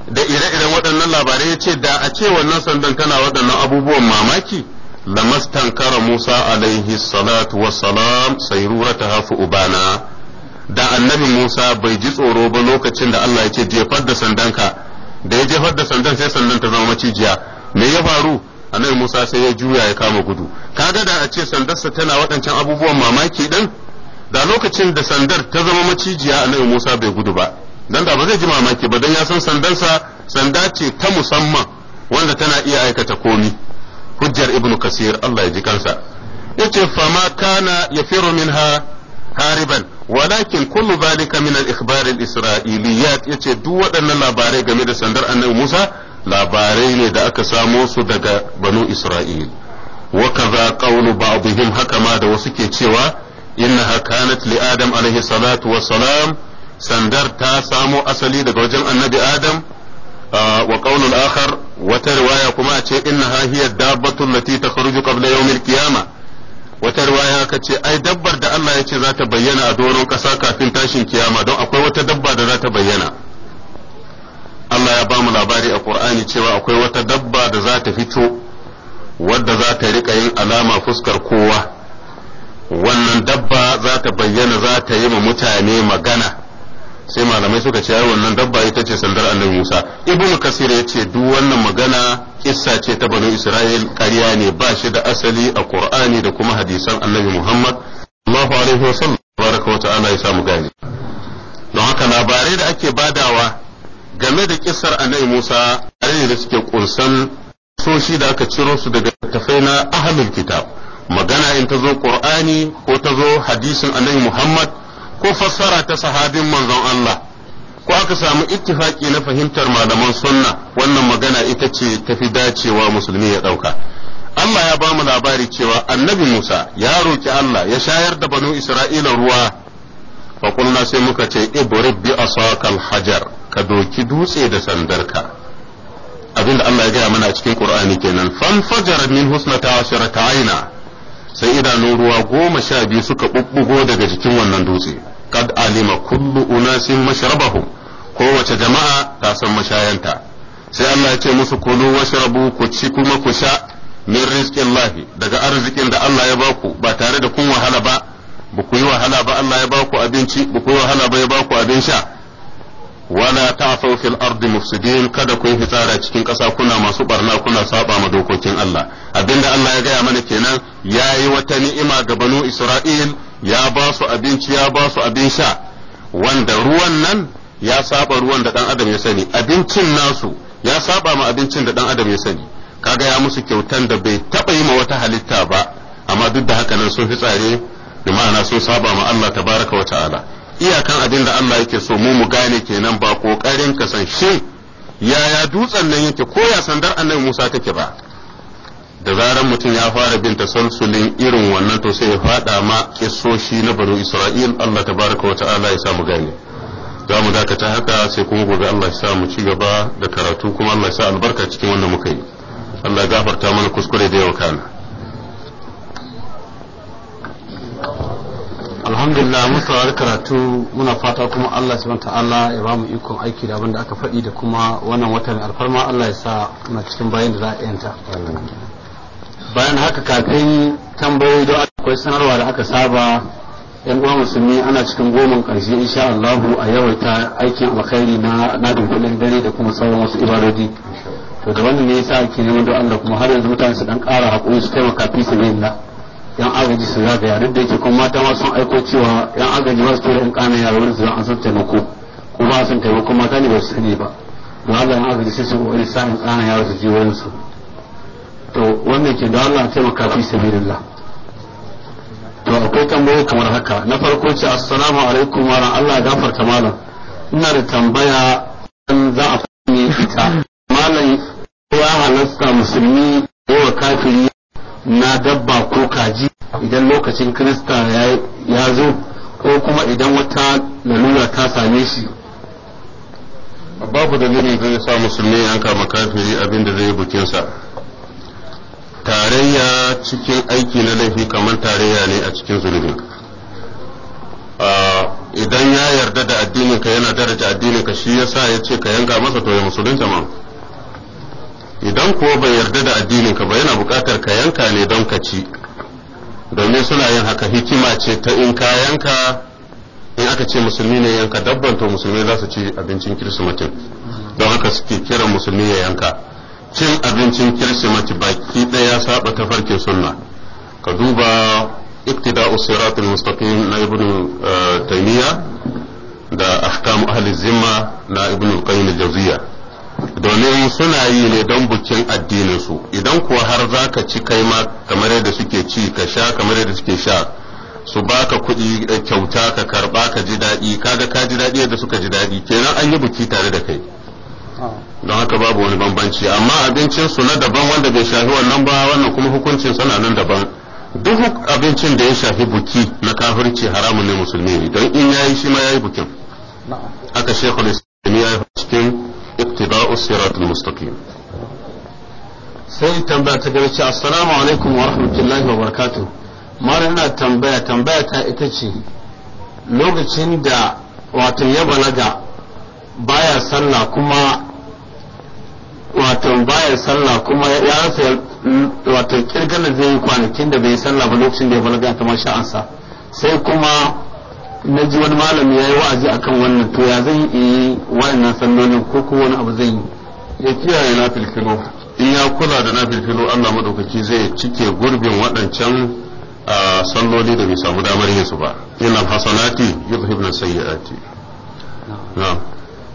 da ire-iren waɗannan labarai ya ce da a ce wannan sandan tana waɗannan abubuwan mamaki لما استنكر موسى عليه الصلاة والسلام سيرورتها ubana. da annabi Musa bai ji tsoro ba lokacin da Allah ya ce jefar da sandanka da ya jefar da sandan sai sandan ta zama macijiya me ya faru annabi Musa sai ya juya ya kama gudu kaga da a ce sandarsa tana waɗancan abubuwan mamaki din da lokacin da sandar ta zama macijiya annabi Musa bai gudu ba dan da ba zai ji mamaki ba dan ya san sandarsa sanda ce ta musamman wanda tana iya aikata komi hujjar ibn kasir Allah ya ji kansa yace fama kana yafiru minha hariban walakin kullu zalika min al-ikhbar al-isra'iliyat yace duk waɗannan labarai game da sandar annabi Musa labarai ne da aka samo su daga banu Isra'il wa kaza qawlu ba'dihim haka ma da wasu ke cewa innaha kanat li adam alayhi salatu wa salam sandar ta samo asali daga wajen annabi Adam wa akhar wata riwaya kuma a ce inna hiya dabbatul lati takhruju qabla yawm qiyamah wata riwaya ka ce ai dabbar da Allah ya ce za ta bayyana a doron ƙasa kafin tashin kiyama don akwai wata dabba da za ta bayyana Allah ya bamu labari a Qur'ani cewa akwai wata dabba da za ta fito wadda za ta riƙa yin alama fuskar kowa wannan dabba za ta bayyana za ta yi ma mutane magana sai malamai suka ce ai wannan dabba ita ce sandar annabi Musa ibnu kasir ya ce duk wannan magana kissa ce ta banu Isra'il ƙarya ne ba shi da asali a Qur'ani da kuma hadisan annabi Muhammad sallallahu alaihi wasallam baraka wa ta'ala ya samu gane don haka labarai da ake badawa game da kissar annabi Musa ne da suke kunsan soshi da aka ciro su daga tafai na ahlul kitab magana in ta zo Qur'ani ko ta zo hadisin annabi Muhammad ko fassara ta sahabin manzon Allah ko aka samu ittifaki na fahimtar malaman sunna wannan magana ita ce tafi dacewa musulmi ya ɗauka. Allah ya ba mu labari cewa annabi Musa ya roki Allah ya shayar da banu Isra'ila ruwa fakulna sai muka ce ibrib bi asakal hajar ka doki dutse da sandarka abinda Allah ya gaya mana a cikin Qur'ani kenan fan fajar min husnata asharata aina sai idanun ruwa goma sha biyu suka bubbugo daga jikin wannan dutse kad alima kullu unasin mashrabahum kowace jama'a ta san mashayanta sai Allah ya ce musu kulu washrabu ku ci kuma ku sha min rizqin lahi daga arzikin da Allah ya baku ba tare da kun wahala ba ba ku yi wahala ba Allah ya baku abinci ba ku yi wahala ba ya baku abin sha wala ta'thaw fil ardi mufsidin kada ku yi fitsara cikin ƙasa kuna masu barna kuna saba ma dokokin Allah abinda Allah ya gaya mana kenan yayi wata ni'ima ga banu Isra'il ya ba su abinci ya ba su abin sha wanda ruwan nan ya saba ruwan da dan adam ya sani abincin nasu ya saba ma abincin da dan adam ya sani kaga ya musu kyautan da bai taba yi ma wata halitta ba amma duk da haka nan sun fitsare da ma'ana sun saba ma Allah tabaraka wa ta'ala iyakan abin da Allah yake so mu mu gane kenan ba kokarin ka san shin yaya dutsen nan yake ko ya sandar annabi Musa take ba da zaran mutum ya fara bin tasalsulin irin wannan to sai ya fada ma kissoshi na baro Isra'il Allah tabaraka wa ta'ala ya mu gane za mu dakata haka sai kuma gobe Allah ya sa mu ci gaba da karatu kuma Allah ya sa albarka cikin wanda muka yi Allah ya gafarta mana kuskure da yau kana alhamdulillah mun saurari karatu muna fata kuma Allah subhanahu ta'ala ya ba mu ikon aiki da abin da aka faɗi da kuma wannan wata alfarma Allah ya sa muna cikin bayan da za a yanta bayan haka kafin tambayoyi don akwai sanarwa da aka saba yan uwa musulmi ana cikin goman karshe insha Allah a yawaita aikin alkhairi na na dunkulen dare da kuma sauran wasu ibadoji to da wannan ne yasa ake neman don Allah kuma har yanzu mutane su dan ƙara hakuri su taimaka fi sabilillah yan agaji su zagaya duk da yake kuma mata ma sun aiko cewa yan agaji ba su tura yan ƙanan yara wani su an san taimako ko ba san taimako mata ne ba su sani ba don Allah yan agaji sai su kokari sa in ƙanan yara su je wurin su to wannan ke da Allah taimaka fi sabilillah to akwai tambayoyi kamar haka na farko ce assalamu alaikum wa Allah ya gafarta malam ina da tambaya dan za a ita malam ya halasta musulmi ko kafiri na dabba ko kaji idan lokacin krista ya zo ko kuma idan wata lalura ta same shi babu da da zai sa musulmi yanka makafiri abin abinda zai bukinsa tarayya cikin aiki na laifi kamar tarayya ne a cikin zunubi idan ya yarda da addininka yana daraja addininka shi ya sa ya ce ka yanka masa to ya musulunta ma idan kuwa bai yarda da addinin ka ba yana buƙatar ka yanka ne don ka ci domin suna yin haka hikima ce ta in ka yanka in aka ce musulmi ne yanka dabban to musulmi za su ci abincin kirsimatin don haka suke kiran musulmi ya yanka cin abincin kirsimati baki ɗaya saba ta farkin sunna ka duba iktida'u usiratul mustaqim na ibn eh, taymiya da ahkam ahli zimma na ibnu qayyim al domin suna yi ne don bukin addininsu idan kuwa har za ka ci kai ma kamar yadda suke ci ka sha kamar yadda suke sha su baka kuɗi eh, kyauta ka karba ka ji daɗi kaga ka ji daɗi yadda suka ji daɗi kenan an yi buki tare da kai ah. don haka babu wani bambanci amma abincinsu na daban wanda bai shafi wannan ba wannan kuma hukuncin sana nan daban duk abincin da ya shafi buki na kafirci haramun ne musulmi ne don in yayi shi ma yayi bukin haka shekul islam ya yi cikin ittiba'u siratul mustaqim tambaya ta gaba ce assalamu alaikum wa rahmatullahi wa barakatuh mara na tambaya tambaya ta ita ce lokacin da wato ya balaga baya sallah kuma wato baya sallah kuma ya rasa wato kirgalar zai yi kwanakin da bai sallah ba lokacin da ya balaga ta masha'ansa sai kuma na ji wani malami ya yi wa'azi akan wannan to ya zan yi wayannan sallolin ko ko wani abu zan yi ya kiyaye na filfilo in ya kula da na filfilo Allah madaukaki zai cike gurbin waɗancan salloli da bai samu damar yin su ba ina hasanati yuzhibna sayyiati na.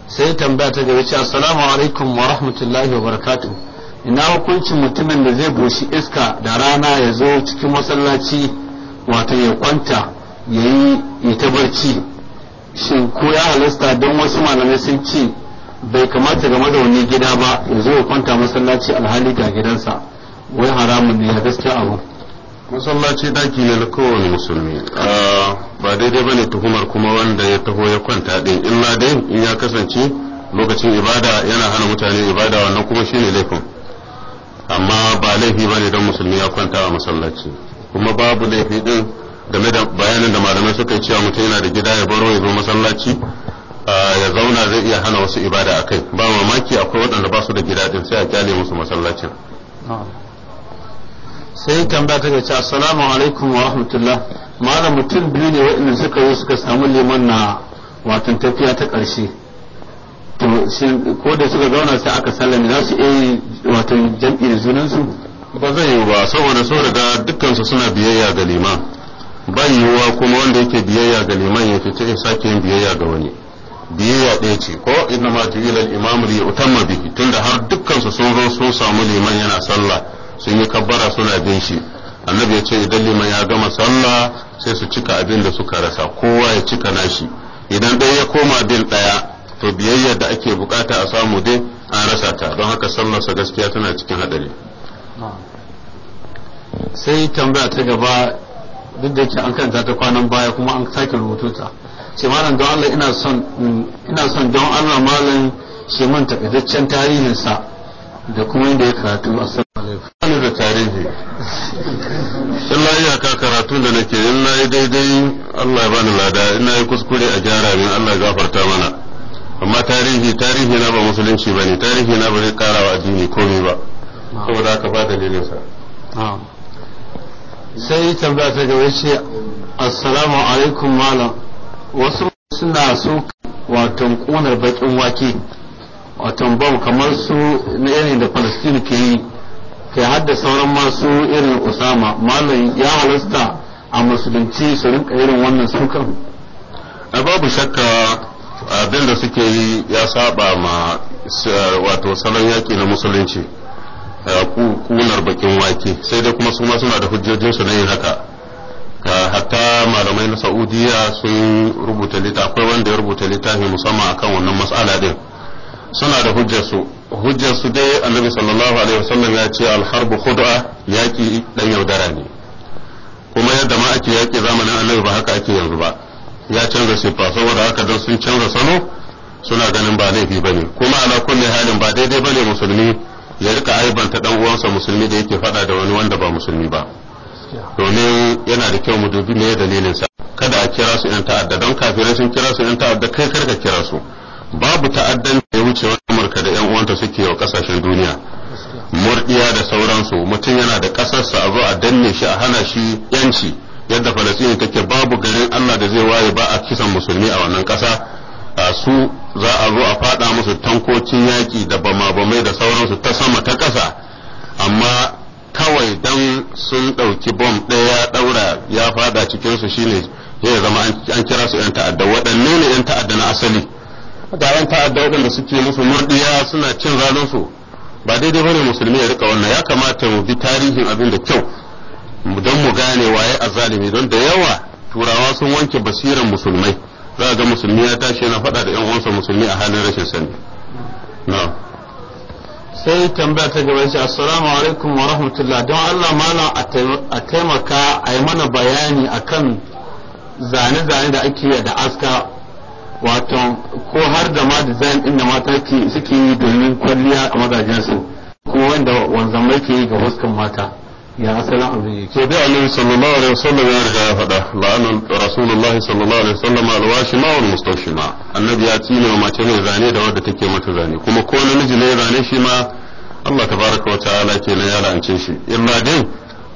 sai tambaya ta gaba ce assalamu alaikum wa rahmatullahi wa barakatuh ina hukuncin mutumin da zai boshi iska da rana ya zo cikin masallaci wato ya kwanta ya yi barci shin ko ya halasta don wasu malamai sun ce bai kamata ga mazauni gida ba ya zo kwanta masallaci alhali ga gidansa wai haramun ne ya gaske abu masallaci daki ne na kowane musulmi ah, ba daidai bane tuhumar kuma wanda ya taho ya kwanta din illa dai in ya kasance lokacin ibada yana hana mutane ibada wannan kuma shine laifin amma ba laifi bane don musulmi ya kwanta a masallaci kuma babu laifi din game da bayanin da malamai suka yi cewa mutum yana da gida ya baro ya zo masallaci ya zauna zai iya hana wasu ibada a kai ba mamaki akwai waɗanda ba su da gida din sai a kyale musu masallacin sai tambaya ta ce assalamu alaikum wa rahmatullah malam mutum biyu ne waɗanda suka yi suka samu liman na watan tafiya ta ƙarshe to ko da suka zauna sai aka sallame za su iya watan jam'i da ba zai yi ba saboda saboda dukkansu suna biyayya ga liman ba yiwuwa kuma wanda yake biyayya ga liman ya fita ya sake yin biyayya ga wani biyayya ɗaya ce ko inna ma ju'ila al-imam li yutamma bihi tunda har dukkan su sun zo sun samu liman yana sallah sun yi kabbara suna bin shi annabi ya ce idan liman ya gama sallah sai su cika abin da suka rasa kowa ya cika nashi idan dai ya koma bin ɗaya to biyayyar da ake bukata a samu dai an rasa ta don haka sallarsa gaskiya tana cikin hadari sai tambaya ta gaba duk da yake an karanta ta kwanan baya kuma an sake rubuto ta sai malam don Allah ina son mm, ina son don Allah malam shi mun takaitaccen tarihin sa da kuma inda ya karatu assalamu alaikum da tarihi ya ka karatu da nake in nayi daidai Allah ya bani lada in nayi kuskure a gyara min Allah ya gafarta mana amma tarihi tarihi na ba musulunci bane tarihi na ba zai karawa addini komai ba saboda haka ba dalilin sa sai tambaya ta gaba ce assalamu alaikum malam wasu suna so watan kunar bakin wake watan bam kamar su na irin da palestine ke yi ke hadda sauran masu irin usama malam ya halasta a musulunci su rinka irin wannan sukan a babu shakka abin da suke yi ya saba ma wato salon yaki na musulunci kunar bakin wake sai dai kuma suma ma suna da hujjojinsu na yin haka hatta malamai na saudiya sun rubuta littafi akwai wanda ya rubuta littafi musamman akan wannan mas'ala din suna da hujjarsu hujjarsu dai annabi sallallahu alaihi wasallam ya ce alharbu khud'a yaki dan yaudara ne kuma yadda ma ake yaki zamanin annabi ba haka ake yanzu ba ya canza siffa saboda haka dan sun canza salo suna ganin ba laifi bane kuma ala kulli halin ba daidai bane musulmi ya rika aibanta dan uwansa musulmi da yake fada da wani wanda ba musulmi ba domin yana da kyau mu dubi ne dalilin sa kada a kira su yan ta'adda don kafirai sun kira su yan ta'adda kai karka kira su babu ta'addan da ya wuce wani Amurka da yan uwanta suke wa kasashen duniya murdiya da sauransu mutum yana da kasarsa a zo a danne shi a hana shi yanci yadda falasini take babu garin Allah da zai waye ba a kisan musulmi a wannan kasa a su za a zo a fada musu tankocin yaƙi da bama-bamai da sauransu ta sama ta kasa amma kawai dan sun ɗauki bom ɗaya ya ɗaura ya fada cikinsu shine ya zama an kira su 'yan ta'adda waɗanne ne 'yan ta'adda na asali da 'yan ta'adda waɗanda suke musu murɗiya suna cin zalunsu ba daidai bane musulmi ya rika wannan ya kamata mu bi tarihin abin da kyau don mu gane waye azalimi don da yawa turawa sun wanke basiran musulmai za a ga musulmi ya tashi yana faɗa da yan uwansa musulmi a halin rashin sani sai tambaya ta gaba shi assalamu alaikum wa rahmatullah don Allah malam a taimaka a yi mana bayani akan zane-zane da ake yi da aska wato ko har da ma design din da mata suke yi domin kwalliya a mazajensu ko wanda wanzan mai ke yi ga fuskan mata ya asalin abin yake to dai annabi sallallahu alaihi wasallam ya riga ya faɗa la'anan rasulullahi sallallahu alaihi wasallam alwashi ma wal mustawshima annabi ya tsine wa mace ne zane da wadda take mata zane kuma ko namiji ne zane shi ma Allah tabaraka wa ta'ala kenan ya la'ance shi illa dai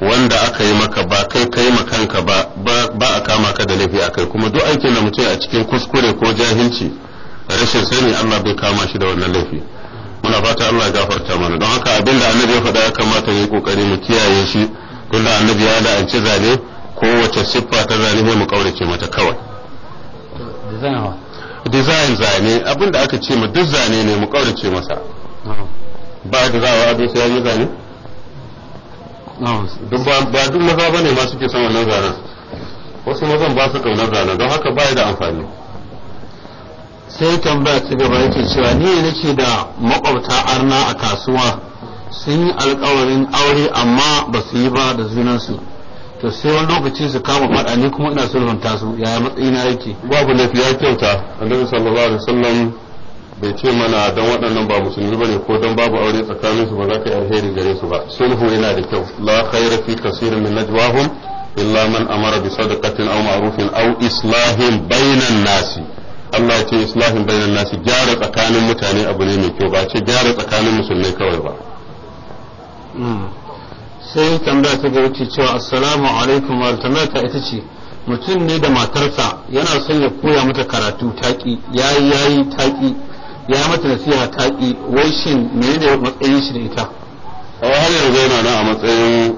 wanda aka yi maka ba kai kai makanka ba ba a kama ka da laifi a kai kuma duk aikin da mutum a cikin kuskure ko jahilci rashin sani Allah bai kama shi da wannan laifi muna fata Allah ya gafarta mana don haka abinda annabi ya faɗa ya kamata ya yi kokari mu kiyaye shi tunda annabi ya ci zane kowace siffa ta zane mu kaurace mata kawai design zane abin da aka ce ma duk zane ne mu kaurace masa ba da zawa abin sai zane ba duk maza bane ma suke son wannan zanen wasu mazan ba su kaunar zanen don haka ba da amfani sai tambaya ta gaba yake cewa ni nake da makwabta arna a kasuwa sun yi alkawarin aure amma ba su yi ba da junansu to sai wani lokaci su kama faɗa ni kuma ina sulhunta su ya matsayi na yake babu laifi ya kyauta annabi sallallahu alaihi wasallam bai ce mana dan waɗannan ba musulmi bane ko don babu aure tsakanin su ba za ka yi alheri gare su ba sulhu yana da kyau la khaira fi kasirin min najwahum illa man amara bi sadaqatin aw ma'rufin aw islahin bainan nasi Allah ce islahin bainan nasu gyara tsakanin mutane abu ne mai kyau ba ce gyara tsakanin musulmai kawai ba hmm. sai tambaya ta ga wuce cewa assalamu alaikum wa ta ita ce mutum ne da matarsa yana son ya koya mata karatu taƙi yayi yayi taƙi ya mata nasiha taƙi wai shin menene matsayin shi da ita har yanzu yana nan a matsayin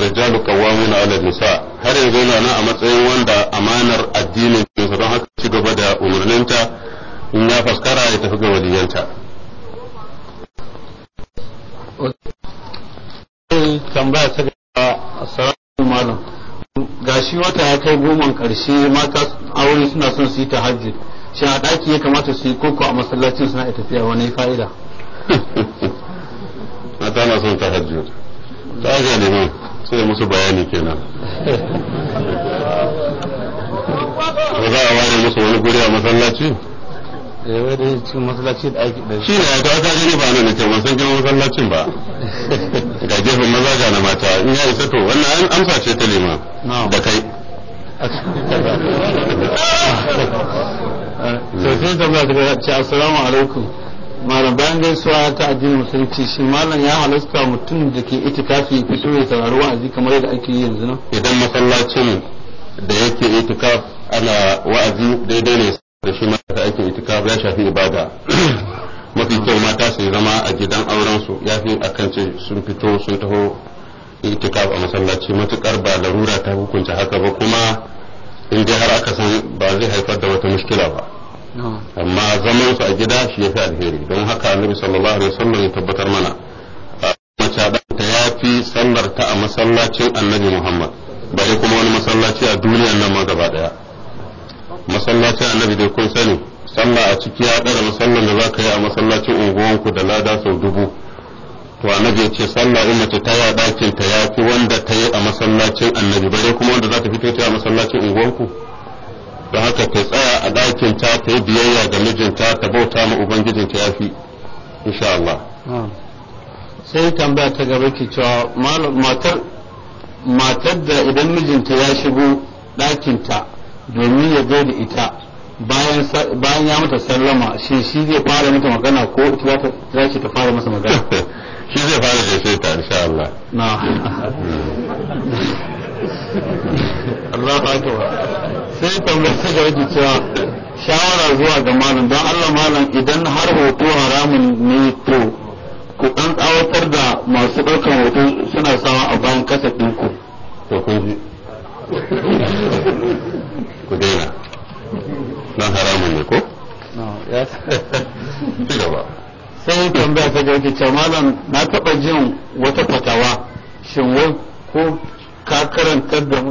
rijalu qawwamuna 'ala nisa har yanzu yana nan a matsayin wanda amanar addinin sa don haka ci gaba da umarninta in ya faskara ya tafi ga waliyanta tambaya ta ga assalamu malam shi wata ya kai goman karshe mata aure suna son su yi hajji shin a ɗaki ya kamata su yi koko a masallacin suna tafiya wani fa'ida tana son tahajjud ta ga liman sai musu bayani kenan ko za a ware musu wani guri a masallaci eh wai dai cikin masallaci da aiki da shi ne ga ta gani ba nan ne ke san girman masallacin ba ga gefen maza ga na mata in ya isa to wannan an amsa ce ta liman da kai to sai ba ta ce assalamu alaikum malam bayan gaisuwa ta addinin musulunci shi malam ya halasta mutum da ke itikafi fi fito ya saurari wa'azi kamar yadda ake yi yanzu nan idan masallacin da yake itikaf ana wa'azi daidai ne da shi mata da ake itikaf ya shafi ibada mafi kyau mata su zama a gidan auren su ya fi akan ce sun fito sun taho itikaf a masallaci matukar ba larura ta hukunta haka ba kuma in dai har aka san ba zai haifar da wata mushkila ba amma zaman su a gida shi ya fi alheri don haka annabi sallallahu alaihi wasallam ya tabbatar mana mace ta ya fi sallar ta a masallacin annabi muhammad dai kuma wani masallaci a duniyar nan ma gaba daya masallacin annabi dai kun sani sallah a ciki ya dara musallan da zaka yi a masallacin unguwanku da lada sau dubu to annabi ya ce sallah in mace ta yi a ɗakin ta yafi wanda ta yi a masallacin annabi ba dai kuma wanda za ta fito ta a masallacin unguwanku da haka ta tsaya a ɗakin ta ta yi biyayya ga mijinta ta bauta ma ubangijin ya fi insha Allah sai tambaya ta gaba ki cewa matar matar da idan mijinta ya shigo ɗakinta domin ya zo da ita bayan ya mata sallama shi shi zai fara mata magana ko ita za ta fara masa magana shi zai fara da sai ta insha Allah hmm. ta akbar sai tambayar ta ga wajen cewa shawara zuwa ga malam don Allah malam idan har hoto haramun ne to ku ɗan tsawatar da masu ɗaukar hoto suna sawa a bayan kasa ɗinku to ku ji ku daina don haramun ne ko? sai tambaya ta ga wajen cewa malam na taɓa jin wata fatawa shin ko ka karanta da mu